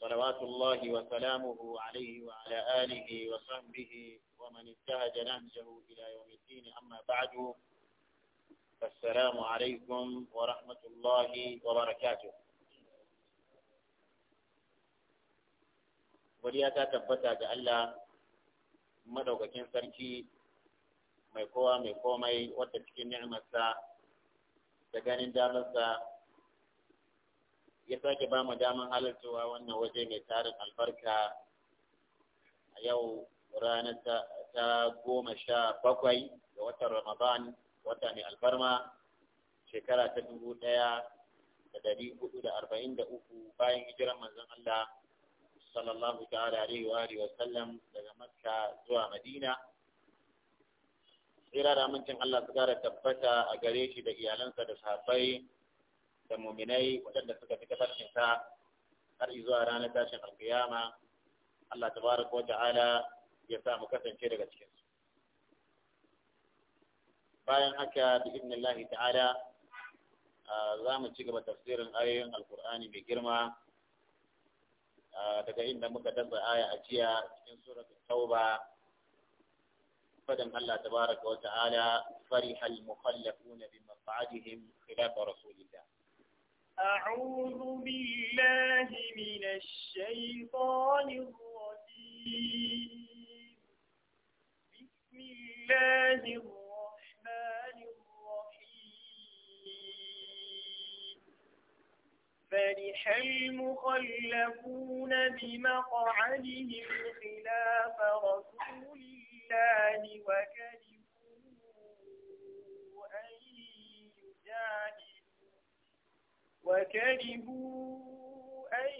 صلوات الله وسلامه عليه وعلى آله وصحبه ومن انتهج نهجه إلى يوم الدين أما بعد فالسلام عليكم ورحمة الله وبركاته وليا تبتا ga Allah madaukakin ميقوى ميقوى kowa mai komai wadda cikin ni'imarsa da ya sake ba mu daman halarcewa wannan waje mai tarin albarka a yau ranar ta goma sha bakwai ga watan Ramadan wata mai albarma shekara ta dubu ɗaya da dari hudu da arba'in da uku bayan hijiran manzon Allah sallallahu ta'ala alaihi wa alihi wa sallam daga Makka zuwa Madina tsira da amincin Allah su gara tabbata a gare shi da iyalansa da sahabbai da muminai wadanda suka fi tafarkin sa har zuwa ranar tashin alkiyama Allah tabaraka wa ta'ala ya sa mu kasance daga cikin su bayan haka bi idnillahi ta'ala za mu ci gaba tafsirin ayoyin alkur'ani mai girma daga inda muka dasa aya a jiya cikin suratul tauba فدم الله تبارك وتعالى فرح المخلفون بمقعدهم خلاف رسول الله أعوذ بالله من الشيطان الرجيم بسم الله الرحمن الرحيم فرح المخلفون بمقعدهم خلاف رسول الله وكرهوا أن يجادلوا وكرهوا أن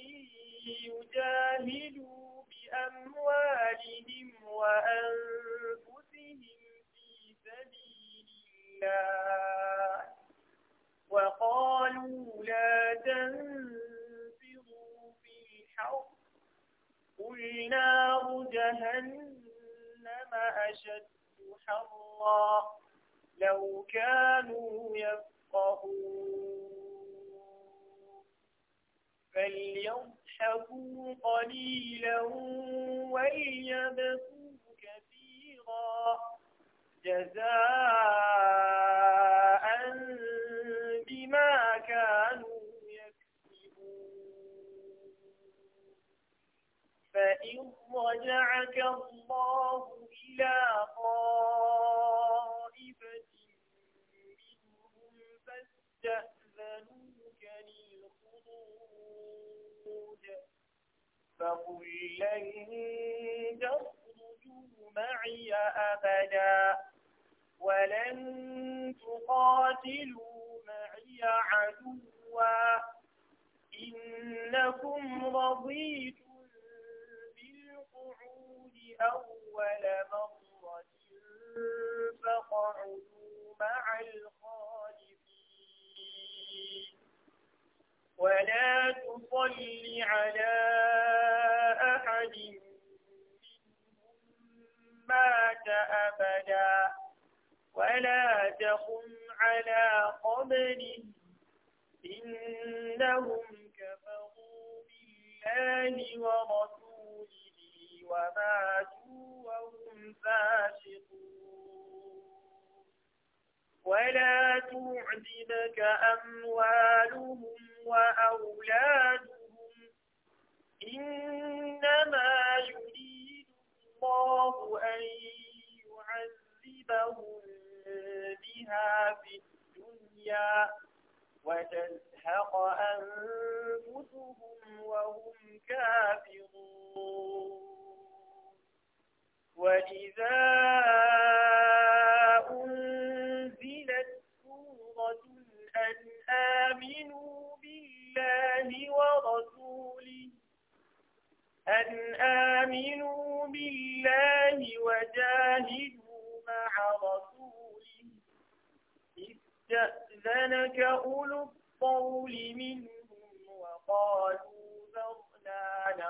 يجاهدوا بأموالهم وأنفسهم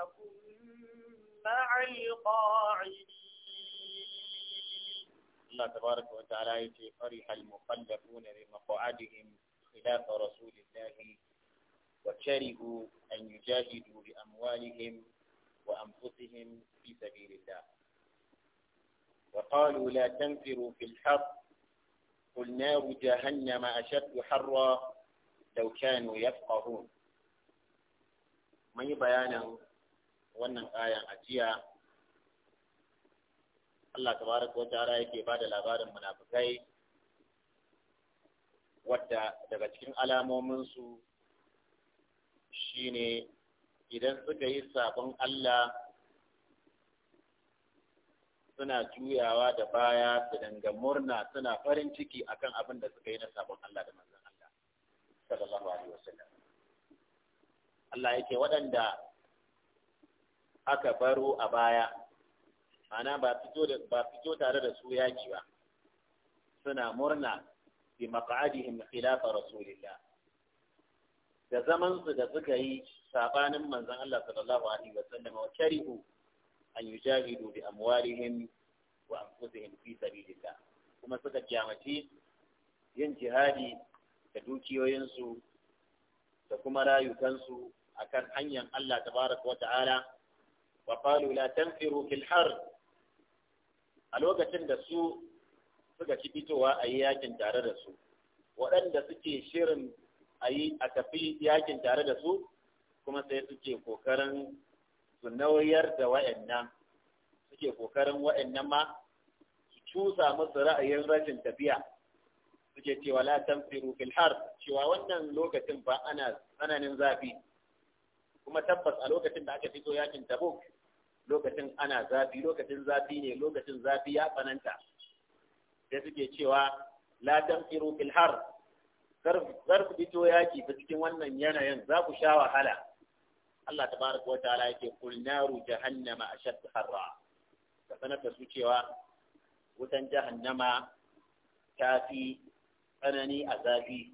مع القاعدين الله تبارك وتعالى يتي فرح المخلفون لمقعدهم خلاف رسول الله وكرهوا أن يجاهدوا بأموالهم وأنفسهم في سبيل الله وقالوا لا تنفروا في الحر قل نار جهنم أشد حرا لو كانوا يفقهون من بيانا wannan ayan ajiya Allah tabaraka wa ta'ala yake bada labarin munafikai wadda daga cikin alamomin su shine idan suka yi sabon Allah suna juyawa da baya su danga murna suna farin ciki akan abin da suka yi na sabon Allah da manzon Allah sallallahu alaihi wasallam Allah yake waɗanda aka baro a baya ana ba fito tare da su yaki ba suna murna bi maq'adihim khilafa rasulillah da zaman su da suka yi sabanin manzon Allah sallallahu alaihi wasallam wa karihu an yujahidu bi amwalihim wa anfusihim fi sabilillah kuma suka gyamaci yin jihadi da dukiyoyinsu da kuma rayukansu akan hanyar Allah tabaraka wa ta'ala wa qalu la tanfiru fil har a lokacin da su suka ci fitowa a yi yakin tare da su waɗanda suke shirin a yi a tafi yakin tare da su kuma sai suke kokarin su nauyar da wa'annan suke kokarin wa'annan ma su cusa musu ra'ayin rashin tafiya suke cewa la tanfiru fil har cewa wannan lokacin ba ana tsananin zafi kuma tabbas a lokacin da aka fito yakin tabuk lokacin ana zafi lokacin zafi ne lokacin zafi ya tsananta sai suke cewa la tamkiru fil har kar ku fito yaki ta cikin wannan yanayin za ku sha wahala Allah tabaraka wa ta'ala yake kul naru jahannama ashad harra ka sanar da su cewa wutan jahannama ta fi tsanani a zafi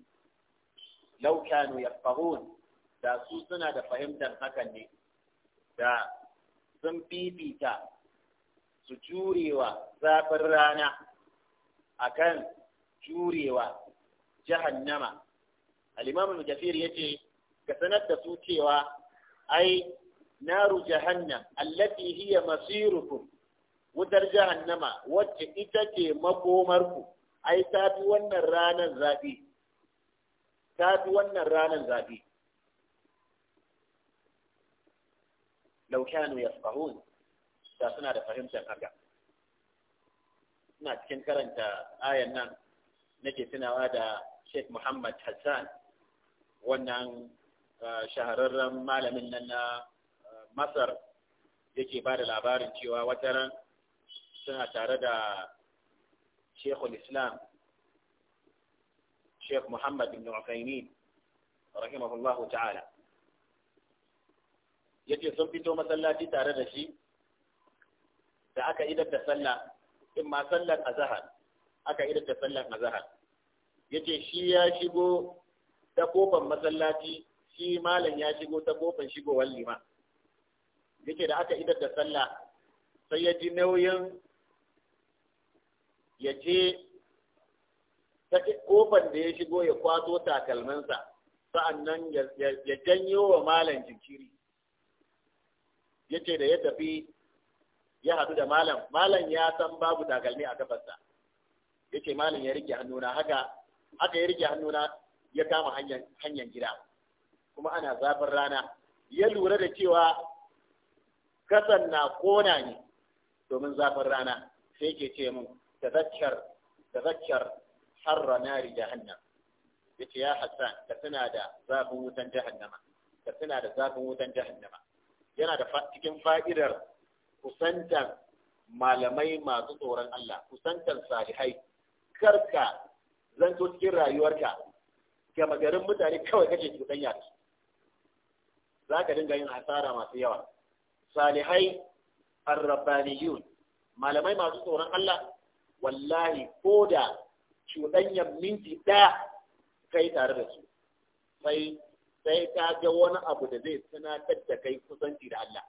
law kanu yafqahun da su suna da fahimtar hakan ne da sun fifita su jurewa zafin rana akan jurewa jahannama al-imam ya ce, yace ka sanar da su cewa ai naru jahannam allati hiya masirukum wutar jahannama wacce ita ce makomarku ai ta fi wannan ranar zafi ta fi wannan ranar zafi لو كانوا يفقهون تاسنا دا فهمت ان هكا ما نعم، تكن كرنت آية نان نعم. نجي تنا وادا شيخ محمد حسان ونان آه، شهر الرم مال مننا آه، مصر يجي بار العبار انتوا وترا سنة تاردا شيخ الإسلام شيخ محمد بن عقيمين رحمه الله تعالى yace sun fito masallaci tare da shi da aka idar da sallah in ma sallar azhar aka idar da sallar azhar yace shi ya shigo ta kofar masallaci shi malam ya shigo ta kofar shigowar liman yace da aka idar da sallah sai ya ji nauyin ya je ta kofar da ya shigo ya kwato takalminsa sa'annan ya janyo wa malam jinkiri yace da ya tafi ya haɗu da malam malam ya san babu takalmi a kafarsa yace malam ya rike hannuna haka aka ya rike hannuna ya kama hanyar hanyar gida kuma ana zafin rana ya lura da cewa kasan na kona ne domin zafin rana sai ke ce min tazakkar tazakkar harra nari jahannam yace ya hassan ka tana da zafin wutan jahannama ka tana da zafin wutan jahannama yana da cikin fa'idar kusantar malamai masu tsoron Allah kusantar salihai karka zanto cikin rayuwarka gama garin mutane kawai kake cuɗanya da su za ka dinga yin asara masu yawa salihai arrabaniyun malamai masu tsoron Allah wallahi ko da cuɗanyar minti ɗaya kai tare da su sai sai ka ga wani abu da zai tunatar da kai kusanci da Allah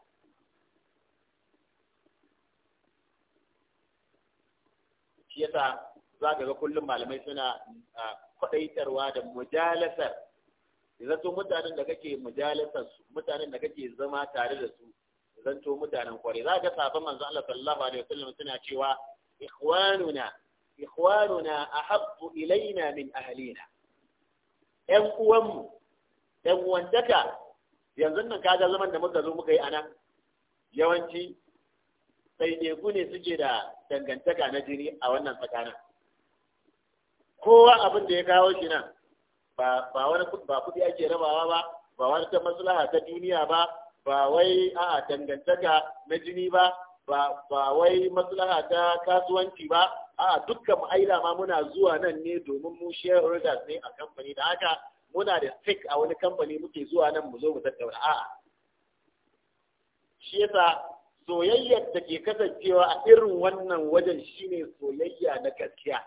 shi yasa za ka ga kullum malamai suna kwaɗaitarwa da mujalasar zato mutanen da kake mujalasar su mutanen da kake zama tare da su zanto mutanen kware za ka sabon manzo Allah sallallahu alaihi wasallam suna cewa ikhwanuna ikhwanuna ahabbu ilaina min ahlina yan uwanmu ɗan uwantaka yanzu nan kaga zaman da muka zo muka yi anan yawanci ɗaiɗaiku ne suke da dangantaka na jini a wannan tsakanin kowa abin da ya kawo shi nan ba wani ba kuɗi ake rabawa ba ba wani ta maslaha ta duniya ba ba wai a dangantaka na jini ba ba wai maslaha ta kasuwanci ba a dukkan ma'aila ma muna zuwa nan ne domin mu orders ne a kamfani da haka muna da stick a wani kamfani muke zuwa nan mu zo mu tattauna a'a shi yasa soyayyar da ke kasancewa a irin wannan wajen shine soyayya na gaskiya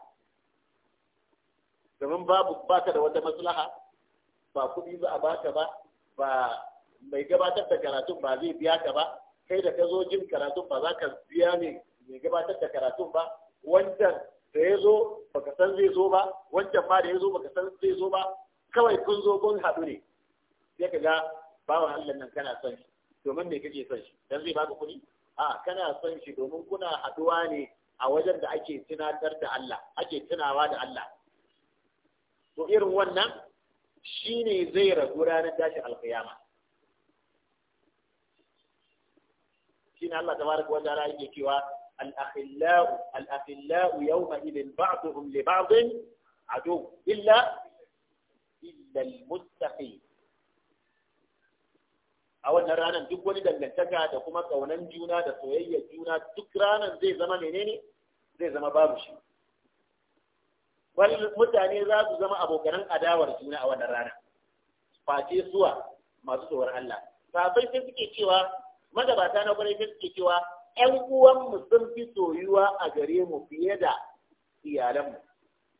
domin babu baka da wata maslaha ba kuɗi za a baka ba ba mai gabatar da karatun ba zai biya ka ba kai da ka zo jin karatun ba za ka biya ne mai gabatar da karatun ba wancan da ya zo baka san zai zo ba wancan ma da ya zo baka san zai zo ba kawai kun zo kun haɗu ne sai ka ga bawan Allah nan kana son shi domin me kake son shi dan zai baka kuɗi a kana son shi domin kuna haɗuwa ne a wajen da ake tunatar da Allah ake tunawa da Allah to irin wannan shine zai ragu ranar tashin alkiyama shine Allah tabaraka wa ta'ala yake cewa al-akhillau al-akhillau yawma idin ba'dhum li ba'd adu illa illa almuttaqin a wannan ranar duk wani dangantaka da kuma kaunan juna da soyayyar juna duk ranar zai zama menene zai zama babu shi wani mutane za su zama abokanan adawar juna a wannan rana face suwa masu tsoron Allah sabai sai suke cewa magabata na kwarai sai suke cewa ƴan uwanmu sun fi soyuwa a gare mu fiye da iyalanmu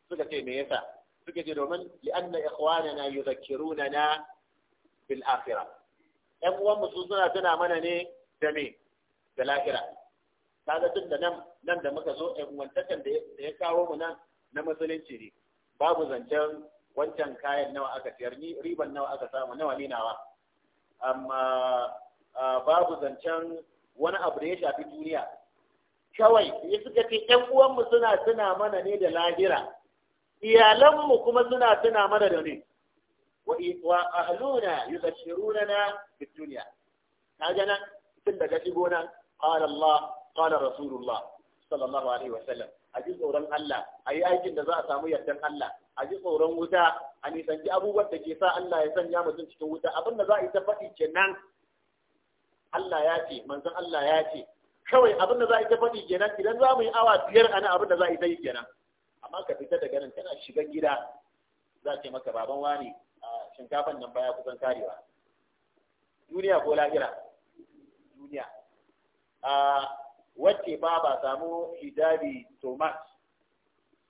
suka ce me yasa suka ce domin li'anna ikhwanana na bil Bil'afira. ɗan uwan musu suna tana mana ne da me da lahira ga tun da nan nan da muka zo ɗan uwantakan da ya kawo mu nan na musulunci ne babu zancen wancan kayan nawa aka siyar ni riban nawa aka samu nawa ne nawa amma babu zancen wani abu da ya shafi duniya kawai ya suka ce ƴan uwanmu suna tuna mana ne da lahira iyalanmu kuma suna tuna mana da ne wa ahluna yubashiruna na dunya kaga nan tun daga shigo nan qala Allah qala rasulullah sallallahu alaihi wasallam a ji tsoron Allah a yi aikin da za a samu yardan Allah a ji tsoron wuta a nisanci abubuwan da ke sa Allah ya sanya mutum cikin wuta abin da za a yi ta faɗi kenan Allah ya ce manzon Allah ya ce kawai abin da za a yi ta faɗi kenan idan za mu yi awa biyar a ana abin da za a yi ta kenan amma ka fita daga nan tana shiga gida za ce maka baban wani a shinkafan nan baya kusan karewa duniya ko lahira duniya a wacce ba ba samu hijabi tomat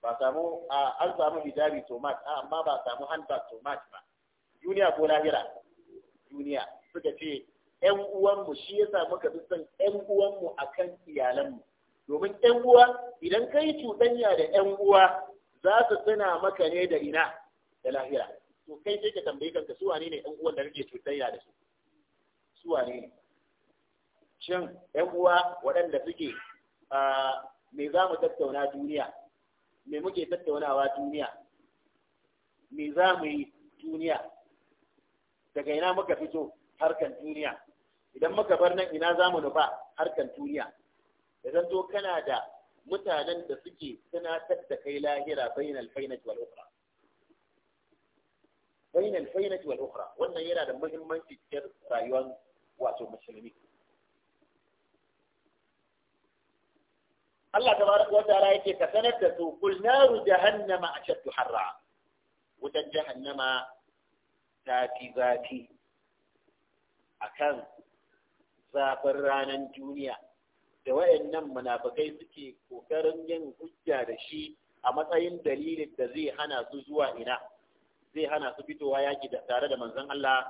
ba samu an samu hijabi tomat amma ba samu handbag tomat ba duniya ko lahira duniya suka ce ‘yan uwanmu shi ya sa muka fi son ‘yan uwanmu a kan iyalanmu domin ƴan uwa idan kai cuɗanya da ƴan uwa za su tuna maka ne da ina da lahira to kai sai ka tambayi kanka su wane ne ƴan uwan da kake cuɗanya da su su wane ne shin ƴan uwa waɗanda suke me za mu tattauna duniya me muke tattaunawa duniya me za mu yi duniya daga ina muka fito harkan duniya idan muka bar nan ina za mu nufa harkan duniya إذا تو كندا متعلن تسجي سنة تبدأ كي لاهرة بين الفينة والأخرى بين الفينة والأخرى وانا يرى المهم من تتكر رايوان واتو مسلمين الله تبارك وتعالى يكي كسنة تسو نار جهنم أشد حرا وتن جهنم تاتي ذاتي أكان زافران جونيا da wayannan munafikai suke kokarin yin hujja da shi a matsayin dalilin da zai hana su zuwa ina zai hana su fitowa yaki tare da manzon Allah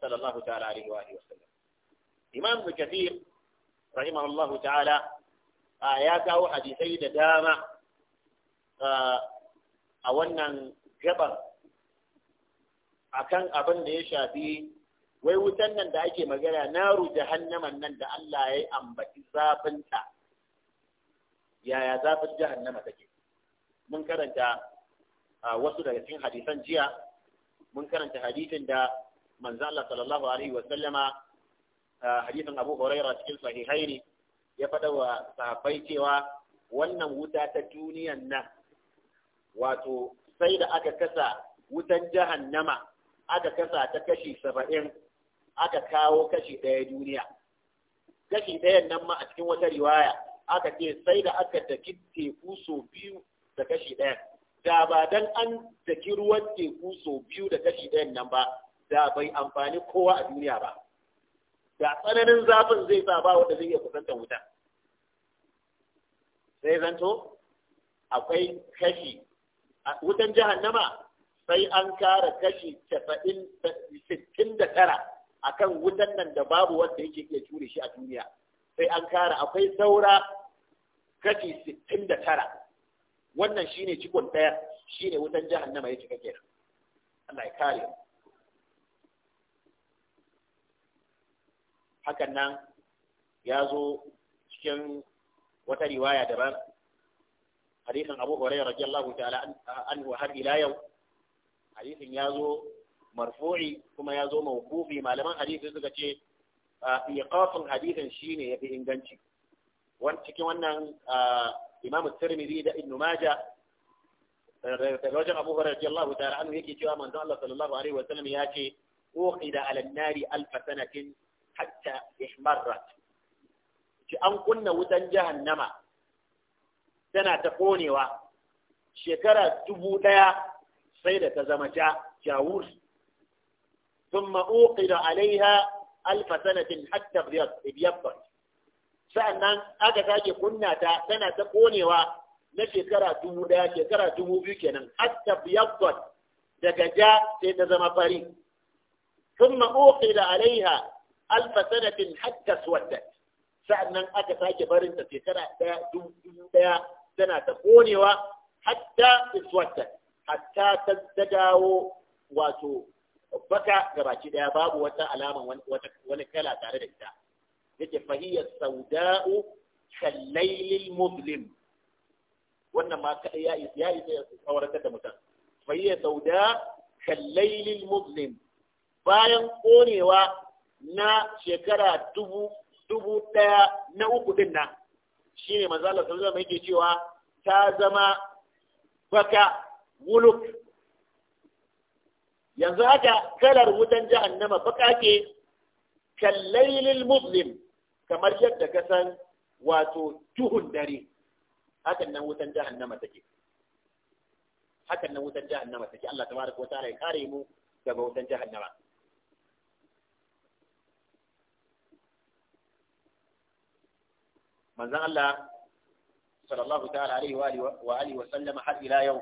sallallahu ta'ala alaihi wa sallam imam kathir rahimahullahu ta'ala ya kawo hadisai da dama a wannan gabar akan abin da ya shafi wai wutan nan da ake magana naru jahannaman nan da Allah ya yi ambaci zafinta yaya zafin jahannama take mun karanta wasu daga cikin hadisan jiya mun karanta hadisin da manzo Allah sallallahu alaihi wa sallama hadisin Abu Hurairah cikin sahihaini ya faɗa wa sahabbai cewa wannan wuta ta duniyan nan wato sai da aka kasa wutan jahannama aka kasa ta kashi saba'in aka kawo kashi ɗaya duniya kashi ɗayan nan ma a cikin wata riwaya aka ce sai da aka daki teku sau biyu da kashi ɗayan da ba dan an daki ruwan teku sau biyu da kashi ɗayan nan ba da bai amfani kowa a duniya ba da tsananin zafin zai sa ba wanda zai iya kusantar wuta sai zanto akwai kashi a wutan jahannama sai an kara kashi casa'in sittin da tara akan wutan nan da babu wanda yake iya ture shi a duniya sai an kara akwai saura kashi sittin da tara wannan shine cikon ɗaya shine wutan jahannama yake cika kenan Allah ya kare mu hakan nan ya zo cikin wata riwaya daban hadisin Abu Hurairah radiyallahu ta'ala anhu har ila yau hadisin ya zo marfu'i kuma ya zo mawqufi malaman hadisi suka ce iqafin hadisin shine yafi inganci Wan cikin wannan imamu tirmidhi da Ibn maja daga wajen abu hurairah radiyallahu ta'ala anhu yake cewa manzon Allah sallallahu alaihi wa sallam ya ce uqida ala an-nari alf sanatin hatta ihmarrat ci an kunna wutan jahannama tana ta konewa shekara dubu daya sai da ta zama ja jawur ثم أوقد عليها ألف سنة حتى بيبطل سألنا أكثر أجي كنا سنة تقوني و نشي كرا تمو دا شي كرا تمو بيكنا حتى بيبطل دكا جاء سيدنا زما ثم أوقد عليها ألف سنة حتى سودت سألنا أكثر أجي برنت كرا تمو دا سنة تقوني و حتى سودت حتى تزدجاو واتو baka gabaki daya babu wata alama wani kala tare da ita yake fahiyya sauda'u kallailil muslim wannan ma ya isa ya tsawarkar da mutum fahiyya sauda kallailil muslim bayan konewa na shekara dubu dubu daya na uku din nan shine manzo Allah sallallahu alaihi wasallam yake cewa ta zama baka wuluk yanzu haka kalar wutan jahannama baka ke kallailil muslim kamar yadda ka san wato tuhun dare hakan nan wutan jahannama take hakan nan wutan jahannama take Allah tabaraka wa ta'ala ya kare mu daga wutan jahannama manzon Allah sallallahu ta'ala alaihi wa alihi wa sallama har ila yau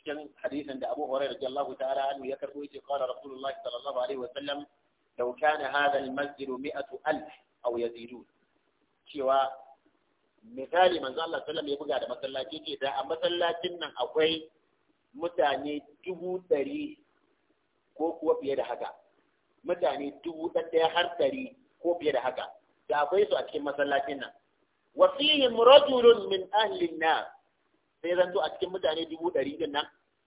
cikin hadisin da Abu Hurairah radiyallahu ta'ala anhu ya karbo yace qala Rasulullah sallallahu alaihi wa sallam law kana hadha al-masjid 100,000 aw yazidun cewa misali manzo Allah sallallahu alaihi ya buga da masallaci ce da a masallacin nan akwai mutane dubu ɗari ko kuwa fiye da haka mutane dubu ɗaya har ɗari ko fiye da haka da akwai su a cikin masallacin nan wasihim rajulun min ahlin nar sai zanto a cikin mutane dubu ɗari din nan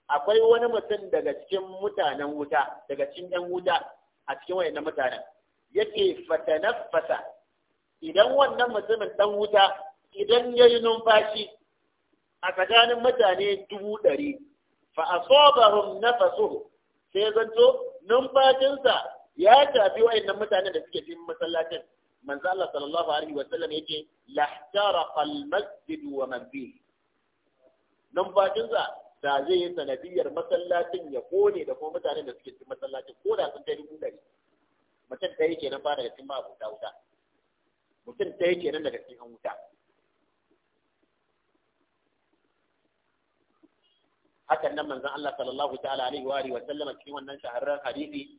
akwai wani mutum daga cikin mutanen wuta daga cikin ɗan wuta a cikin wayannan mutanen yake fasa. idan wannan mutumin ɗan wuta idan ya yi numfashi a tsakanin mutane dubu ɗari fa asobahum nafasuhu sai zanto numfashinsa ya shafi wayannan mutanen da suke cikin masallacin manzo Allah sallallahu alaihi wa sallam yake lahtara al-masjid wa man fihi Nan sa da zai yi sanadiyar masallacin ya kone da kuma mutanen da suke cikin masallacin ko da sun kai dubu ɗari mutum yi kenan ba daga cikin ma'abuta wuta mutum yi kenan daga cikin wuta haka nan manzon Allah sallallahu ta'ala alaihi wa alihi wa sallama cikin wannan shahararren hadisi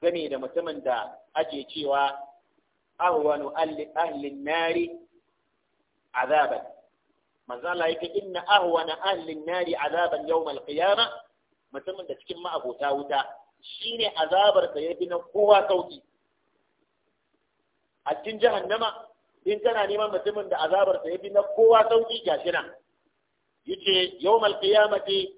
game da mutumin da ake cewa ahwanu ahli nari azaban manzo Allah yake inna ahwana ahli an-nari azaban yawmal al mutumin da cikin ma'abota wuta shine azabar da yafi na kowa sauki a cikin jahannama in kana neman mutumin da azabar da yafi na kowa sauki gashi nan yace yawmal al-qiyamati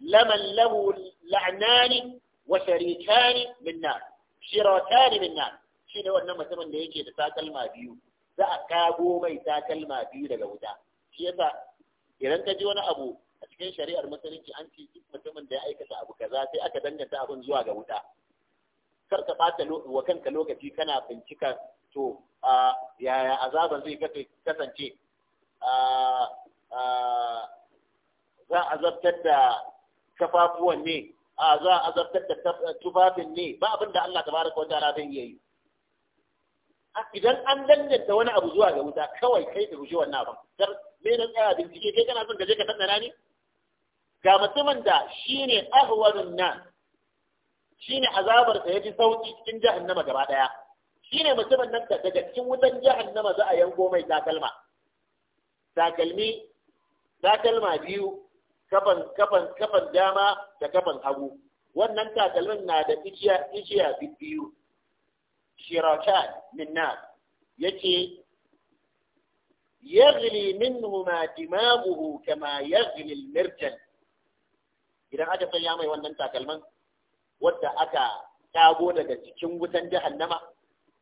laman lahu la'nani wa sharikani min nar shiratani min nar shine wannan mutumin da yake da takalma biyu za a kago mai takalma biyu daga wuta shi yasa idan ka ji wani abu a cikin shari'ar musulunci an ci duk mutumin da ya aikata abu kaza sai aka danganta abin zuwa ga wuta kar ka bata wa kanka lokaci kana bincika to a yaya azaban zai kasance za a zartar da kafafuwan ne a za a zartar da tufafin ne ba abin da Allah tabaraka wa ta'ala zai yi idan an danganta wani abu zuwa ga wuta kawai kai da guje wannan abin me na tsaya bincike kai kana son ka je ka tsanana ne ga mutumin da shine ahwarun nan shine azabar sa yafi sauki cikin jahannama gaba daya shine mutumin nan da daga cikin wutan jahannama za a yanko mai takalma takalmi takalma biyu kafan kafan kafan dama da kafan hagu wannan takalmin na da igiya igiya biyu shirakat Minna yake يغلي منهما دماغه كما يغلي المرجل idan aka sanya mai wannan takalman wadda aka tago daga cikin wutan jahannama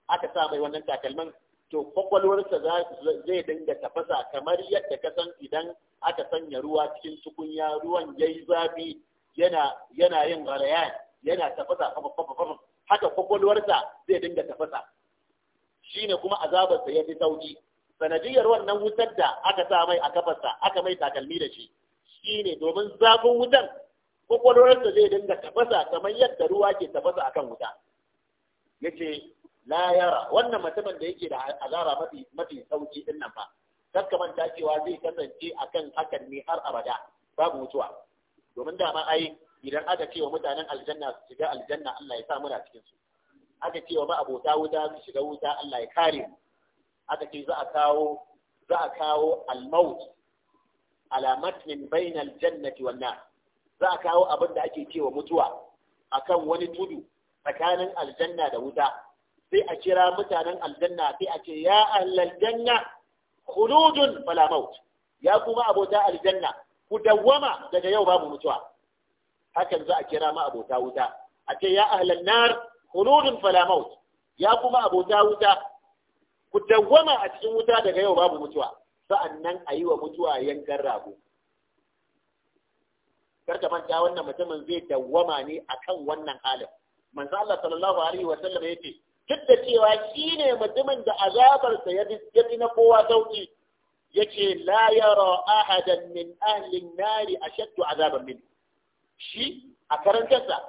aka sa mai wannan takalman to kwakwalwarsa zai dinga tafasa kamar yadda ka san idan aka sanya ruwa cikin tukunya ruwan yayi zafi yana yana yin gharayan yana tafasa haka kwakwalwarsa zai dinga tafasa shine kuma azabarsa ya fi sauki sanadiyar wannan wutar da aka sa mai a kafarsa aka mai takalmi da shi shi ne domin zafin wutan kwakwalwarsa zai dinga tafasa kamar yadda ruwa ke tafasa akan wuta yace la yara wannan mutumin da yake da azara mafi mafi sauki din nan cewa zai kasance akan hakan ne har abada babu mutuwa domin dama ai idan aka ce wa mutanen aljanna su shiga aljanna Allah ya sa muna cikin su aka ce wa ma'abota wuta su shiga wuta Allah ya kare mu aka ce za a kawo za a kawo al-maut ala matnin bainal jannati wan za a kawo abin da ake cewa mutuwa akan wani tudu tsakanin aljanna da wuta sai a kira mutanen aljanna sai a ce ya ahlal janna khuludun fala maut ya kuma abota aljanna ku dawwama daga yau babu mutuwa hakan za a kira ma abota wuta a ce ya ahlal nar khuludun fala maut ya kuma abota wuta ku dawwama a cikin wuta daga yau babu mutuwa nan a yi wa mutuwa yankan rago karka manta wannan mutumin zai dawwama ne a kan wannan halin manzo Allah sallallahu alaihi wa sallam yace duk da cewa shi ne mutumin da azabarsa ya fi na kowa sauki yake la yara ahadan min ahli an-nari ashaddu azaban min shi a karantarsa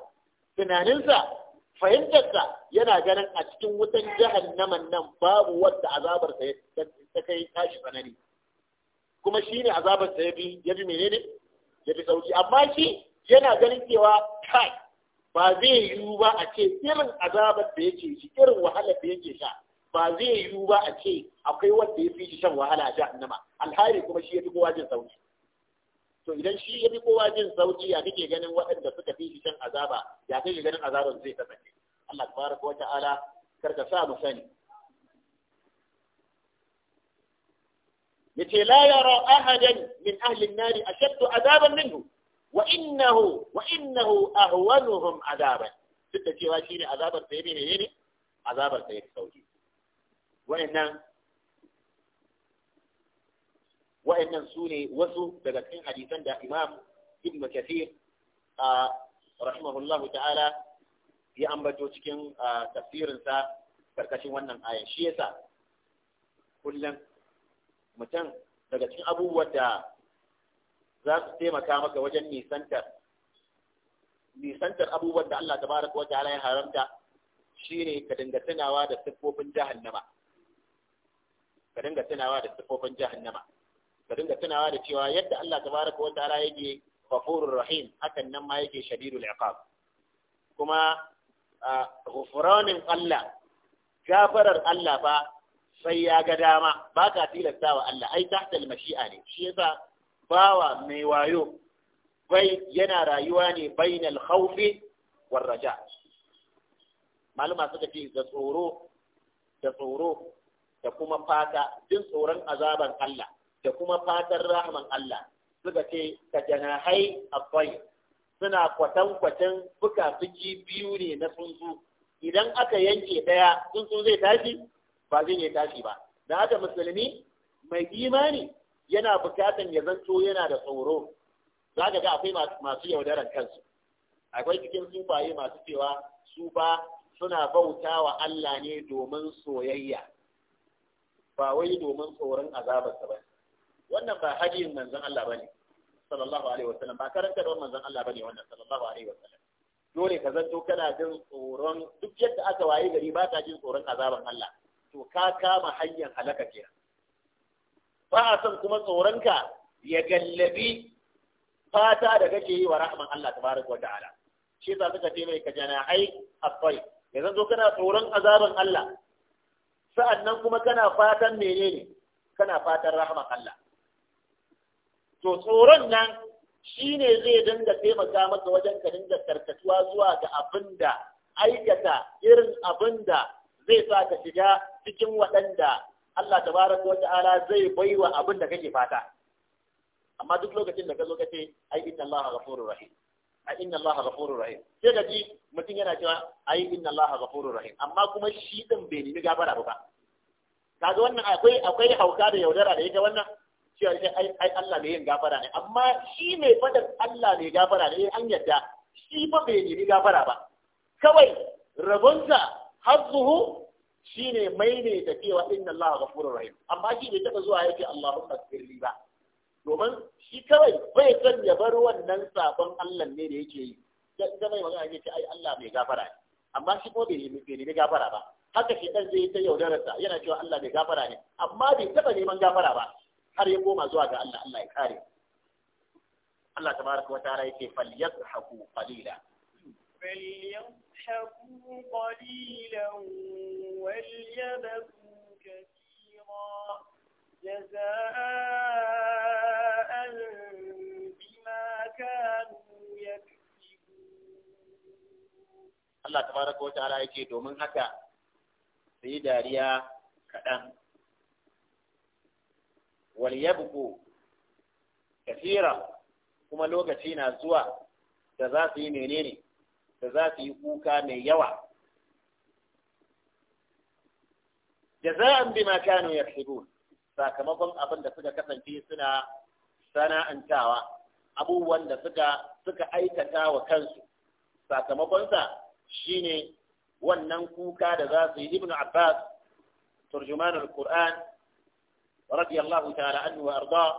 tunaninsa fahimtarsa yana ganin a cikin wutan jahannaman nan babu wadda azabar ta ta kai tashi tsanani kuma shi ne azabar bi yabi yabi menene yabi sauki amma shi yana ganin cewa kai ba zai yiwu ba a ce irin azabar da yake shi irin wahalar da yake sha ba zai yiwu ba a ce akwai wanda ya fi shi shan wahala a jahannama alhari kuma shi ya fi kowa jin sauki to idan shi ya fi kowa jin sauki ya kake ganin waɗanda suka fi shi shan azaba ya kake ganin azaban zai kasance Allah tabaraka wa ta'ala karka sa mu sani yace la yara ahadan min ahli an-nar ashaddu azaban minhu wa innahu wa innahu ahwanuhum azaban duk da cewa shine azabar sai ne ne azabar sai sauki wayannan wa'annan su ne wasu daga cikin hadisan da imam ibn kathir a rahimahullahu ta'ala ya ambato cikin tafsirinsa karkashin wannan ayan shi yasa kullum mutum daga cikin abubuwan da za su taimaka maka wajen nisantar nisantar abubuwan da Allah tabaraka wa ta'ala ya haramta shine ka dinga tunawa da siffofin jahannama ka dinga tunawa da siffofin jahannama ka dinga tunawa da cewa yadda Allah tabaraka wa ta'ala yake ghafurur rahim hakan nan ma yake shadidul iqab kuma ghufranin Allah gafarar Allah ba sai ya ga dama ba ka tilastawa Allah ai tahta al-mashi'a ne shi yasa bawa mai wayo bai yana rayuwa ne bainal khawfi war raja maluma suka ce da tsoro da tsoro da kuma fata jin tsoron azaban Allah da kuma fatan rahman Allah suka ce ka janahai akwai suna kwatankwacin fukafuki biyu ne na tsuntsu idan aka yanke ɗaya tsuntsu zai tashi ba zai iya tashi ba da haka musulmi mai imani yana bukatan ya zanto yana da tsoro za ka ga akwai masu yaudaran kansu akwai cikin sufaye masu cewa su ba suna bauta wa Allah ne domin soyayya ba wai domin tsoron azabarsa ba wannan ba hadiyin manzon Allah bane sallallahu alaihi wasallam ba karanta da manzon Allah bane wannan sallallahu alaihi wasallam dole ka zanto kana jin tsoron duk yadda aka waye gari ba ta jin tsoron azaban Allah to ka kama hanyar halaka kenan ba a son kuma tsoronka ya gallabi fata da kake yi wa rahman Allah tabaraka wata'ala shi yasa suka ce mai kajana ai afai ya zanto kana tsoron azaban Allah sa'annan kuma kana fatan menene kana fatan rahman Allah to tsoron nan shi ne zai dinga taimaka maka wajen ka dinga karkatuwa zuwa ga abin da aikata irin abin da zai sa ka shiga cikin waɗanda Allah tabaraka wa ta'ala zai baiwa abin da kake fata amma duk lokacin da ka zo kace ai inna Allah ghafurur rahim ai inna Allah ghafurur rahim sai ka ji mutum yana cewa ai inna Allah ghafurur rahim amma kuma shi din bai nemi gafara ba kaga wannan akwai akwai hauka da yaudara da ita wannan cewa ai Allah ne yin gafara ne amma shi mai fadar Allah mai gafara ne an yadda shi fa bai nemi gafara ba kawai rabonsa hazzuhu shine mai ne da cewa inna Allah ghafurur rahim amma shi bai taba zuwa yake Allahumma sirri ba domin shi kawai bai san ya bar wannan sabon Allah ne da yake yi da mai magana yake ai Allah mai gafara ne amma shi ko bai nemi gafara ba haka shi dan zai ta yaudararsa yana cewa Allah bai gafara ne amma bai taba neman gafara ba har ya koma zuwa ga Allah Allah ya kare Allah tabaraka wa ta'ala yake falyadhaku qalila qalila wal yabku kathira jazaa'an bima kanu yaktubun Allah tabaraka wa ta'ala yake domin haka sai dariya kaɗan waliyabku yabku kafira kuma lokaci na zuwa da za su yi menene da za su yi kuka mai yawa jaza'an bima kanu yaksubun sakamakon abin da suka kasance suna sana'antawa abubuwan da suka suka aikata wa kansu sakamakonsa shine wannan kuka da za su yi ibnu abbas turjumanul qur'an radiyallahu ta'ala anhu wa arda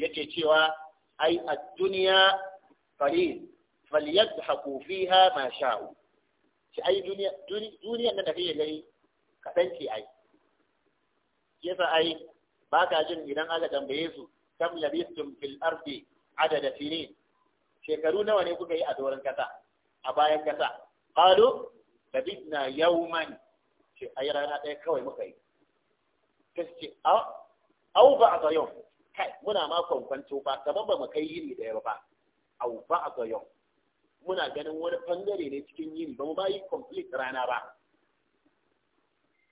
yake cewa ai ad-dunya qalil falyadhaku fiha ma sha'u shi ai duniya duniyan nan da kake gani kadan ce ai yasa ai ba ka jin idan aka tambaye su kam labistum fil ardi adada sinin shekaru nawa ne kuka yi a doron kasa a bayan kasa qalu na yawman ce ai rana ɗaya kawai muka yi kace a au ba a kai muna ma kwankwanto ba kamar ba mu kai yini daya ba au ba a yau muna ganin wani bangare ne cikin yini ba mu ba yi complete rana ba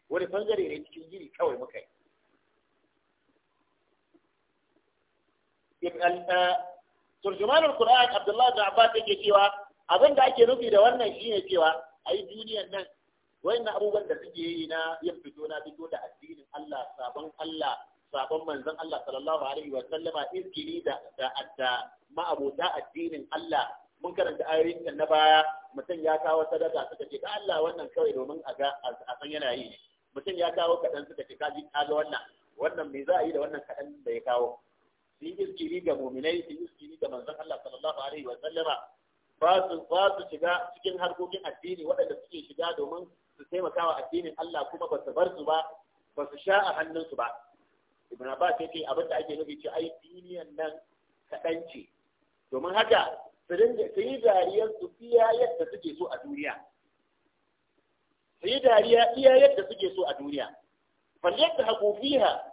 wani bangare ne cikin yini kawai muka yi eh, al Qur'an Abdullah bin Abbas yake cewa abin da ake nufi da wannan shine cewa ai duniyar nan wayannan abubuwan da suke yi na yin fito na fito da addinin Allah sabon Allah sabon manzon Allah sallallahu alaihi wa sallama iskili da da ma'abota addinin Allah mun karanta ayoyin na baya mutum ya kawo sadaka suka ce ka Allah wannan kawai domin a ga a san yana yi mutum ya kawo kadan suka ce ka ji ka ga wannan wannan me za a yi da wannan kadan da ya kawo su yi iskili ga muminai su yi iskili ga manzon Allah sallallahu alaihi wa sallama ba su ba su shiga cikin harkokin addini waɗanda suke shiga domin su taimaka wa addinin Allah kuma ba su bar su ba ba su sha a hannunsu ba ibn abbas yake abin da ake nufi ce ai duniyan nan kaɗan ce domin haka su dinga su yi dariya su iya yadda suke so a duniya su yi dariya iya yadda suke so a duniya falyadda haƙo fiha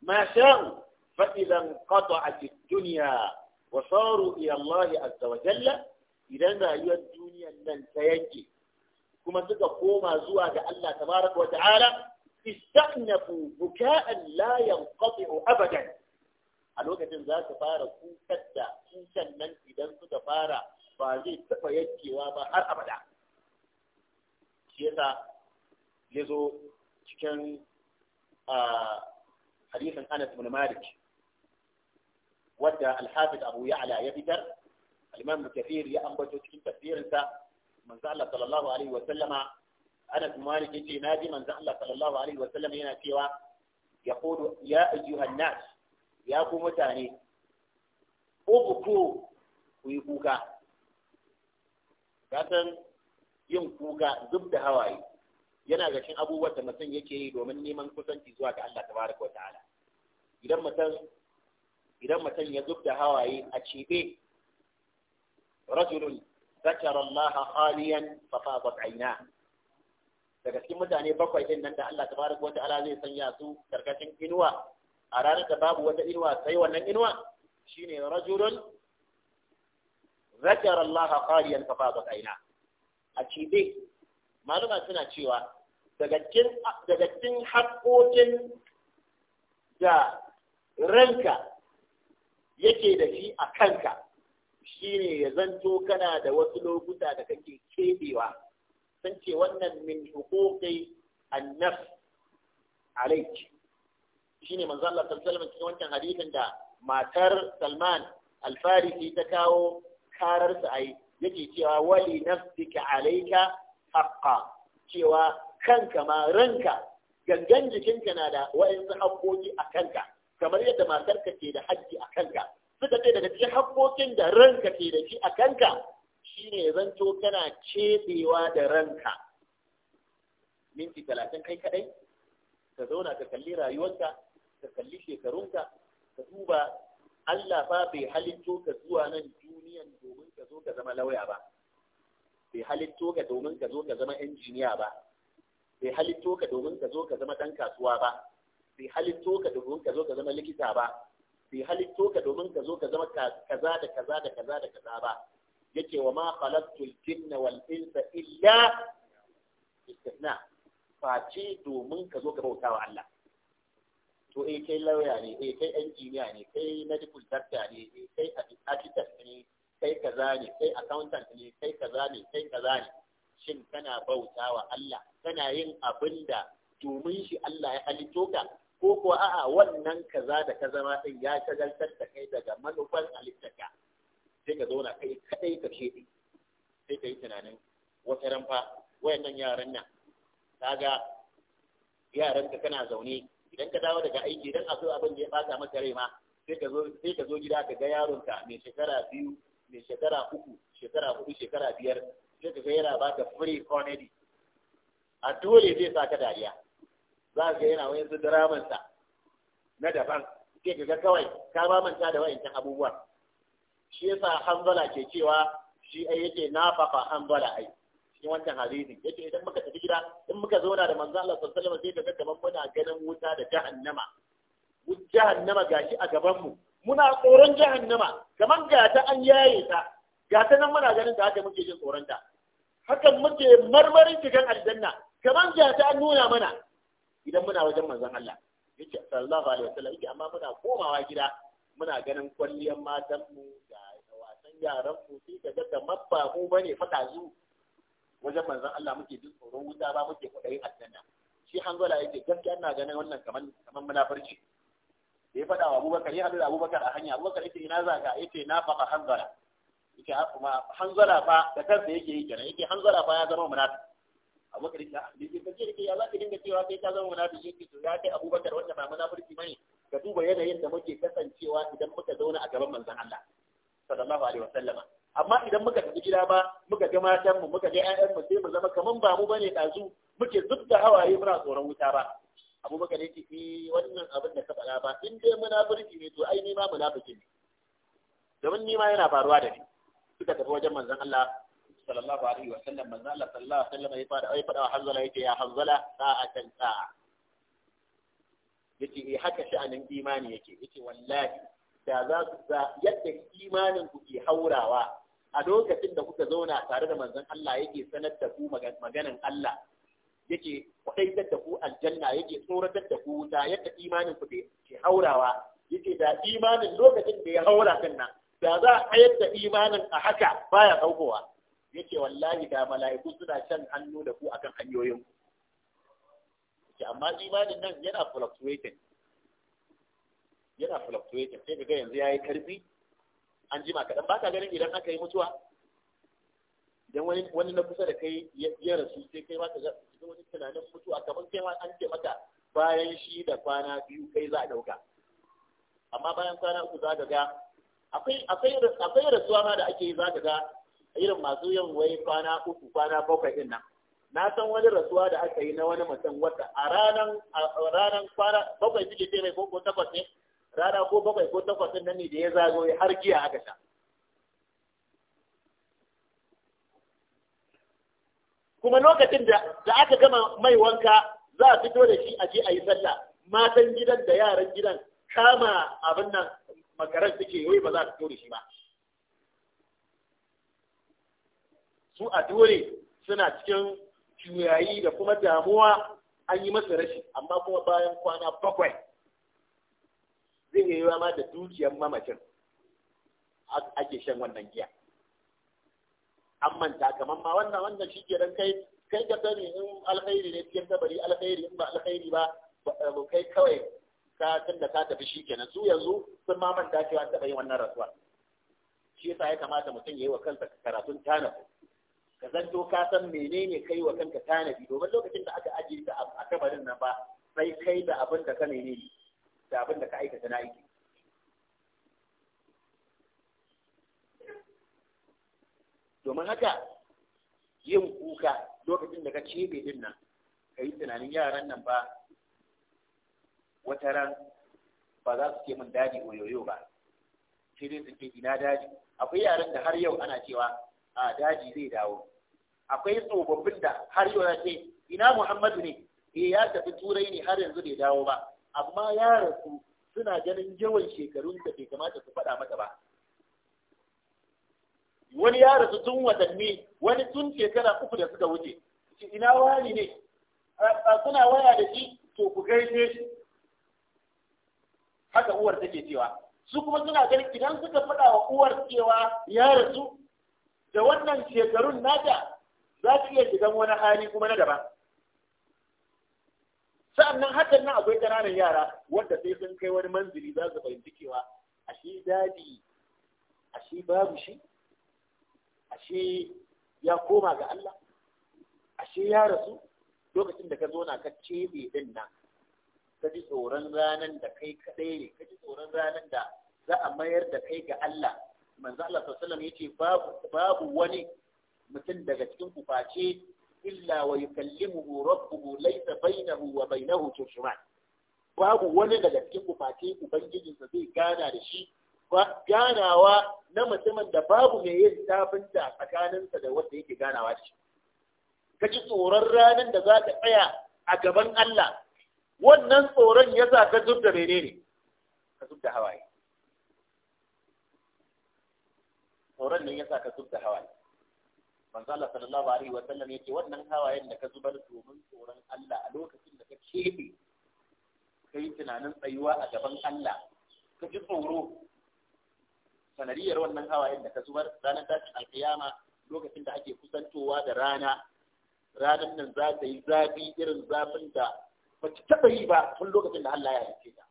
ma sha'u fa'idan qata a duniya wa saru ila Allah azza wa jalla idan rayuwar duniyan nan ta yanke kuma suka koma zuwa ga Allah tabaraka wa ta'ala استأنفوا بكاء لا ينقطع أبدا الوقت إن ذات فارة كتا كتا من إذا كتا فارة فازي تقوى يجي وابا أبدا كيسا يزو كان حديثا أنس بن مالك ودى الحافظ أبو يعلى يبدر الإمام الكثير يا يأمبتو كتا تفسير من صلى الله عليه وسلم Anas Malik yace naji manzon Allah sallallahu alaihi wa sallam yana cewa yaqulu ya ayyuhan nas ya ku mutane ubku ku yi kuka kasan yin kuka zub da hawaye yana ga cikin abubuwan da mutum yake yi domin neman kusanci zuwa ga Allah tabaraka ta'ala idan mutum idan mutum ya zub da hawaye a cibe rajulun ذكر الله خاليا ففاضت عيناه daga cikin mutane bakwai din nan da Allah tabaraka wata'ala zai sanya su karkashin inuwa a ranar da babu wata inuwa sai wannan inuwa shine rajulun zakar Allah qaliyan fa fadat aina a cibe maluma suna cewa daga cikin daga cikin haƙoƙin da ranka yake da shi a kanka shine ya zanto kana da wasu lokuta da kake kebewa sun ce wannan min huquqi an-nafs alayki shine manzo Allah sallallahu alaihi cikin wancan hadisin da matar Salman al-Farisi ta kawo karar sa ai yake cewa wali nafsika alayka haqqa cewa kanka ma ranka gangan jikinka na da wa'ansu haƙoƙi a kanka kamar yadda matarka ke da hajji a kanka suka ce daga cikin haƙoƙin da ranka ke da shi a kanka zan zanto kana cebewa da ranka minti talatin kai kadai ka zauna ka kalli rayuwarka ka kalli shekarunka ka duba Allah ba bai halitto ka zuwa nan duniyan domin ka zo ka zama lauya ba bai halitto ka domin ka zo ka zama injiniya ba bai halitto ka domin ka zo ka zama dan kasuwa ba bai halitto ka domin ka zo ka zama likita ba bai halitto ka domin ka zo ka zama kaza da kaza da kaza da kaza ba yake wa ma khalaqtul jinna wal insa illa istithna face domin ka zo ka bauta wa Allah to eh kai lauya ne eh kai engineer ne kai medical doctor ne eh kai architect ne kai kaza ne kai accountant ne kai kaza ne kai kaza ne shin kana bauta wa Allah kana yin abinda da domin shi Allah ya halitto ka ko ko a'a wannan kaza da ka zama din ya shagaltar da kai daga manufar halittarka sai ka zauna kai kadai ka ce sai ka yi tunanin wata ranfa wayannan yaran nan kaga yaran ka kana zaune idan ka dawo daga aiki idan so abin da ya bata maka rai ma sai ka zo sai ka zo gida ka ga yaron ka mai shekara biyu mai shekara uku shekara hudu shekara biyar sai ka ga yana baka free comedy a dole zai sa ka dariya za ka yana wani su dramansa na daban sai ka ga kawai ka ba manta da wayancan abubuwan shi yasa hanzala ke cewa shi ai yake nafafa hanzala ai shi wancan hadisi yace idan muka tafi gida in muka zauna da manzo Allah sallallahu alaihi wasallam sai ka gaban muna ganin wuta da jahannama jahannama gashi a gaban mu muna tsoron jahannama kaman ga ta an yaye ta ga ta nan muna ganin da haka muke jin tsoron ta hakan muke marmarin cikin aljanna kaman ga ta an nuna mana idan muna wajen manzon Allah yake sallallahu alaihi wasallam yake amma muna komawa gida muna ganin kwalliyar matanmu da wasan yaranmu sai ka ga kamar ba mu bane fada zu wajen manzon Allah muke jin tsoron wuta ba muke yin addana shi hanzola yake gaskiya ina ganin wannan kamar kamar munafarci da ya faɗa wa Abubakar ya haɗu da Abubakar a hanya Abubakar yake ina zaka yake na faɗa hanzola yake ah, kuma hanzola fa da kansa yake yi kenan yake hanzola fa ya zama munafi Abubakar yake da ah, yake ya zaka dinga cewa kai ka zama munafiki yake to ya kai Abubakar wanda ba munafiki bane ka duba yanayin da muke kasancewa idan muka zauna a gaban manzon Allah sallallahu alaihi wasallama amma idan muka tafi gida ba muka ga matan mu muka ga ƴaƴan mu sai mu zama kaman ba mu bane dazu muke zubta hawaye muna tsoron wuta ba abu muka ne ki eh, wannan abin da ka faɗa ba in dai muna burki ne to ai ni ma munafiki ne domin ni ma yana faruwa da ni suka tafi wajen manzon Allah sallallahu alaihi wasallam manzon Allah sallallahu alaihi wasallam ya fara ai fada wa Hanzala yake ya Hanzala sa'atan sa'a yace eh haka sha'anin imani yake yace wallahi da za su da yadda imanin ku ke haurawa a lokacin da kuka zauna tare da manzon Allah yake sanar da ku maganan Allah yake kwadaitar da ku aljanna yake tsoratar da ku da yadda imanin ku ke haurawa yake da imanin lokacin da ya haura kan nan da za a yadda imanin a haka baya saukowa yake wallahi da mala'iku suna shan hannu da ku akan hanyoyin ku ce amma imanin nan yana fluctuating yana fluctuating sai kaga yanzu yayi karfi an jima kaɗan ba ka ganin idan aka yi mutuwa idan wani wani na kusa da kai ya rasu sai kai ba ka ga cikin wani tunanin mutuwa kamar kai ma an ce maka bayan shi da kwana biyu kai za a ɗauka amma bayan kwana uku za ka ga akwai akwai akwai rasuwa ma da ake yi za ka ga irin masu yin wai kwana uku kwana bakwai din nan na san wani rasuwa da aka yi na wani mutum wata a ranan ranan fara bakwai suke tere ko ko takwas ne rana ko bakwai ko takwas nan ne da ya zago har giya aka sha kuma lokacin da da aka gama mai wanka za a fito da shi a je a yi sallah matan gidan da yaran gidan kama abin nan makaran suke yi, ba za a fito shi ba su a dole suna cikin juyayi da kuma damuwa an yi masa rashi amma kuma bayan kwana bakwai zai yi ma da dukiyar mamacin ake shan wannan giya an manta kamar ma wannan wannan shi ke kai kai ka sani in alkhairi ne cikin kabari alkhairi in ba alkhairi ba kai kawai ka tunda ka tafi shi kenan su yanzu sun ma manta cewa taɓa yin wannan rasuwa shi yasa ya kamata mutum ya yi wa kansa karatun tanafu ka zanto ka san menene kai wa kanka tanadi domin lokacin da aka ajiye ta a kabarin nan ba sai kai da abin da ka menene da abin da ka aikata na aiki domin haka yin kuka lokacin da ka cebe din nan ka yi tunanin yaran nan ba wata ran ba za su ke min daji oyoyo ba sai dai su ke ina daji akwai yaran da har yau ana cewa a daji zai dawo akwai tsofaffin da har yau ya ce ina Muhammadu ne eh ya tafi turai ne har yanzu bai dawo ba amma ya rasu suna ganin yawan shekarun da bai kamata su faɗa mata ba wani ya rasu tun watanni wani tun shekara uku da suka wuce ina wani ne a suna waya da shi to ku gaishe shi haka uwar take cewa su kuma suna ganin idan suka faɗa wa uwar cewa ya rasu da wannan shekarun nata za ta iya shigan wani hali kuma na daban sa'annan hakan nan akwai ƙananan yara wanda sai sun kai wani manzili za su fahimci cewa ashe dadi ashe babu shi ashe ya koma ga Allah ashe ya rasu lokacin da ka zo na ka cebe din nan ka ji tsoron ranar da kai kaɗai ne ka ji tsoron ranar da za a mayar da kai ga Allah manzo Allah sallallahu alaihi wasallam yace babu wani mutum daga cikin kuface illa wa yukallimuhu rabbuhu laysa bainahu wa bainahu tushman babu wani daga cikin kuface face sa zai gana da shi ganawa na mutumin da babu mai yin tafinta tsakaninsa da wanda yake ganawa da shi ka ji tsoron ranar da za ka tsaya a gaban Allah wannan tsoron ya sa ka zub menene ka zub hawaye tsoron nan ya sa ka zub hawaye manzo Allah sallallahu alaihi wa sallam yake wannan hawayen da ka zubar domin tsoron Allah a lokacin da ka kebe kai tunanin tsayuwa a gaban Allah ka ji tsoro sanariyar wannan hawayen da ka zubar ranar tashin alkiyama lokacin da ake kusantowa da rana ranar nan za ta yi zafi irin zafin da ba ta taɓa yi ba tun lokacin da Allah ya halice ta.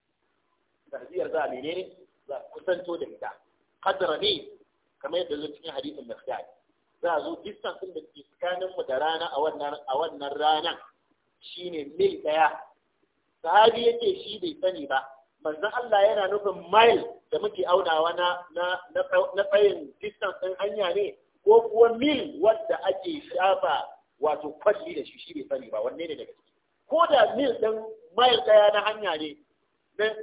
Tarbiyyar za a menene za a kusanto da ita. Kadara ne kamar yadda zo cikin hadisin Mekhdad. za a zo distance ɗin da ke tsakanin mu da rana a wannan a wannan ranan shine mil daya sahabi yake shi bai sani ba manzo Allah yana nufin mile da muke audawa na na na tsayin distance din hanya ne ko kuwa mil wanda ake shafa wato kwalli da shi shi bai sani ba wanne ne daga ciki ko da mil din mile daya na hanya ne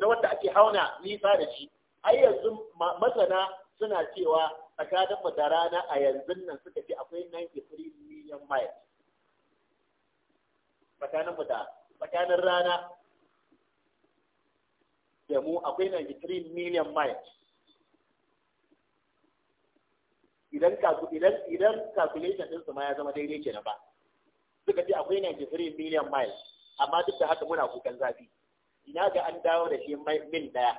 da wanda ake hauna nisa da shi ai yanzu masana suna cewa tsakanin mu da rana a yanzu nan suka ce akwai 93 million miles tsakanin mu da tsakanin rana da mu akwai 93 million miles idan idan idan calculation din su ma ya zama daidai kenan ba suka ce akwai 93 million miles amma duk da haka muna kukan zafi ina ga an dawo da shi mil daya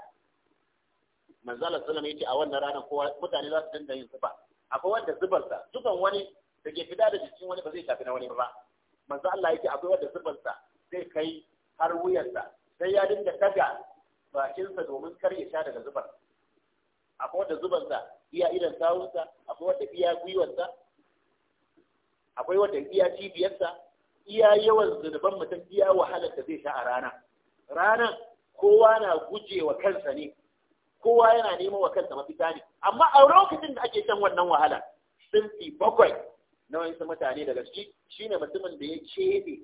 Manzala Allah sallallahu a wannan ranar kowa mutane za su dinga yin zuba akwai wanda zubarsa zuban wani da ke fita da jikin wani ba zai tafi na wani ba manzo Allah yake akwai wanda zubarsa zai kai har wuyarsa sai ya dinga bakin bakinsa domin kar ya sha daga zubar akwai wanda zubarsa iya idan sawunsa akwai wanda iya gwiwarsa akwai wanda iya cibiyarsa iya yawan zunuban mutum iya wahalar da zai sha a rana rana kowa na guje wa kansa ne kowa yana neman wa kansa mafita ne amma a lokacin da ake shan wannan wahala fi bakwai na su mutane daga shi shine mutumin da ya cebe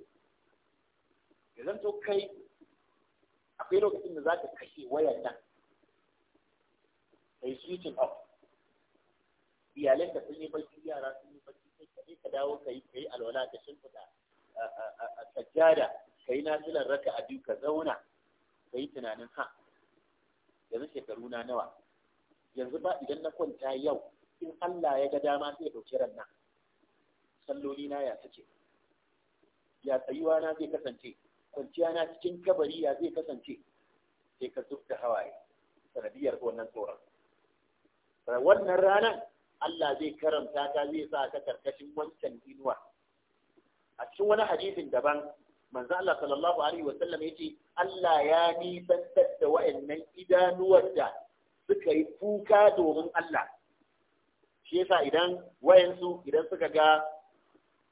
ya zanto kai akwai lokacin da za ka kashe wayar nan kai switching off iyalai ka sun yi barci yara sun yi barci sai ka ka dawo ka yi ka yi alwala ka shimfiɗa a sajjada ka yi nasilar raka a biyu ka zauna ka yi tunanin ha yanzu shekaru na nawa yanzu ba idan na kwanta yau in Allah ya ga dama sai dauki ranna salloli na ya sace ya tsayuwa na zai kasance kwanciya na cikin kabari ya zai kasance sai ka zub da hawaye sanadiyar wannan tsoron wannan rana, Allah zai karanta ka zai sa ka karkashin wancan inuwa a cikin wani hadisin daban manzo Allah sallallahu alaihi wasallam yace Allah ya nisantar da wa'annan idanuwar da suka yi kuka domin Allah shi yasa idan wayansu idan suka ga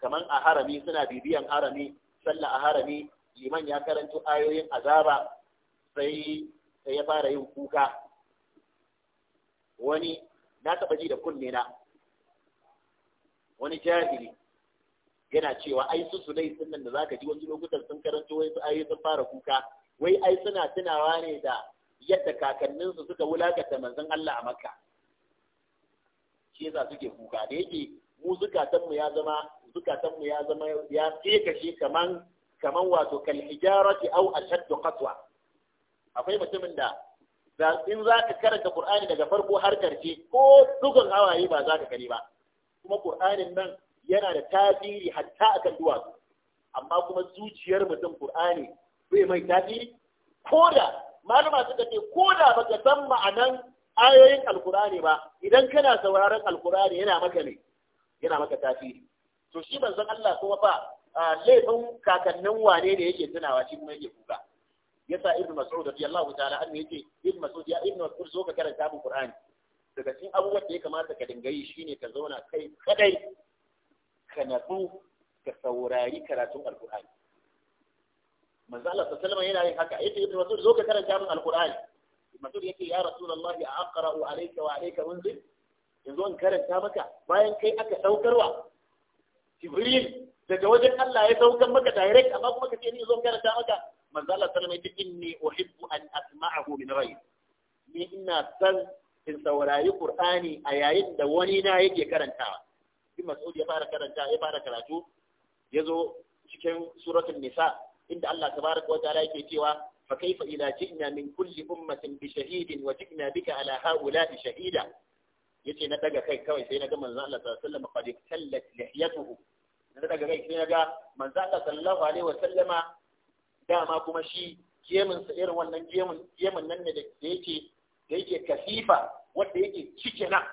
kaman a harami suna bibiyan harami sallah a harami liman ya karanto ayoyin azaba sai sai ya fara yin kuka wani na taba ji da kunne na wani jahili yana cewa ai su sulai sun nan da zaka ji wasu lokutan sun karanto wai su ayi sun fara kuka wai ai suna tunawa ne da yadda kakanninsu suka wulakata manzon Allah a Makka shi yasa suke kuka da yake mu zukatanmu ya zama mu ya zama ya kashe kaman kaman wato kal hijarati aw ashad qatwa akwai mutumin da in za ka karanta Qur'ani daga farko har karshe ko dukan hawaye ba za ka gani ba kuma Qur'anin nan yana da tasiri hatta akan duwatsu amma kuma zuciyar mutum Qur'ani bai mai tasiri koda malama suka ce koda ka san ma'anan ayoyin alkurani ba idan kana sauraron alkurani yana maka ne yana maka tasiri to shi san Allah kuma ba laifin kakannin wane ne yake tunawa shi kuma yake kuka yasa ibn mas'ud radiyallahu ta'ala anhu yake ibn mas'ud ya ibn mas'ud zo ka karanta mu qur'ani daga cikin abubuwan da ya kamata ka dinga yi shine ka zauna kai kadai ka natsu ka saurari karatun alkur'ani manzo Allah sallallahu yana yin haka yace ibnu mas'ud zo ka karanta min alkur'ani mas'ud yake ya rasulullahi aqra'u alayka wa alayka unzil yanzu in karanta maka bayan kai aka saukarwa jibril daga wajen Allah ya saukar maka direct amma kuma kace ni zo karanta maka manzo Allah sallallahu alaihi wasallam inni uhibbu an asma'ahu min ghayr ni ina san in saurari qur'ani a yayin da wani na yake karantawa bin mas'ud ya fara karanta ya fara karatu ya zo cikin suratul nisa inda Allah tabaraka wa ta'ala yake cewa fa kaifa idza ji'na min kulli ummatin bi shahidin wa ji'na bika ala ha'ula'i shahida yace na daga kai kawai sai na ga manzo Allah sallallahu alaihi wasallam qad tallat lihiyatuhu na daga kai sai na ga manzo Allah sallallahu alaihi wasallama dama kuma shi gemin sa irin wannan gemin gemin nan ne da yake da yake kasifa wanda yake cikina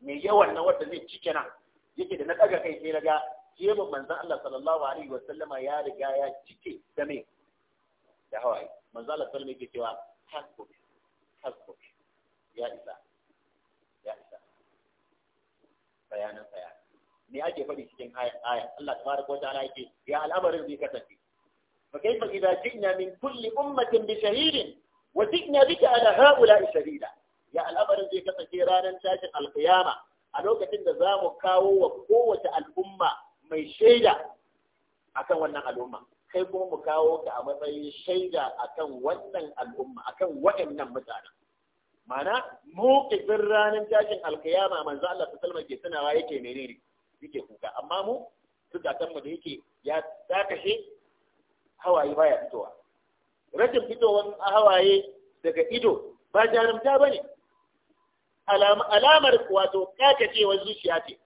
mai yawan na wanda zai cike nan yake da na daga kai sai daga jebin manzon Allah sallallahu alaihi wa sallama ya riga ya cike da me da hawaye manzon Allah sallallahu alaihi wa sallama yake cewa hasbu hasbu ya isa ya isa bayanan saya me ake faɗi cikin aya Allah tabaraka wa ta'ala yake ya al'amarin zai kasance fa kaifa idza ji'na min kulli ummatin bi shahidin wa ji'na bika ala ha'ula'i shahida ya al'amarin zai kasance ranar tashin alkiyama a lokacin da za mu kawo wa kowace al'umma mai shaida a kan wannan al'umma kai kuma mu kawo ka a matsayin shaida a kan wannan al'umma a kan waɗannan mutanen mana mawqifin ranar tashin alkiyama manzo Allah sallallahu alaihi ke tunawa yake menene yake kuka amma mu kan mu da yake ya dakashe hawaye baya fitowa rashin fitowar hawaye daga ido ba jarumta bane alamar wato kakacewar zuciya ce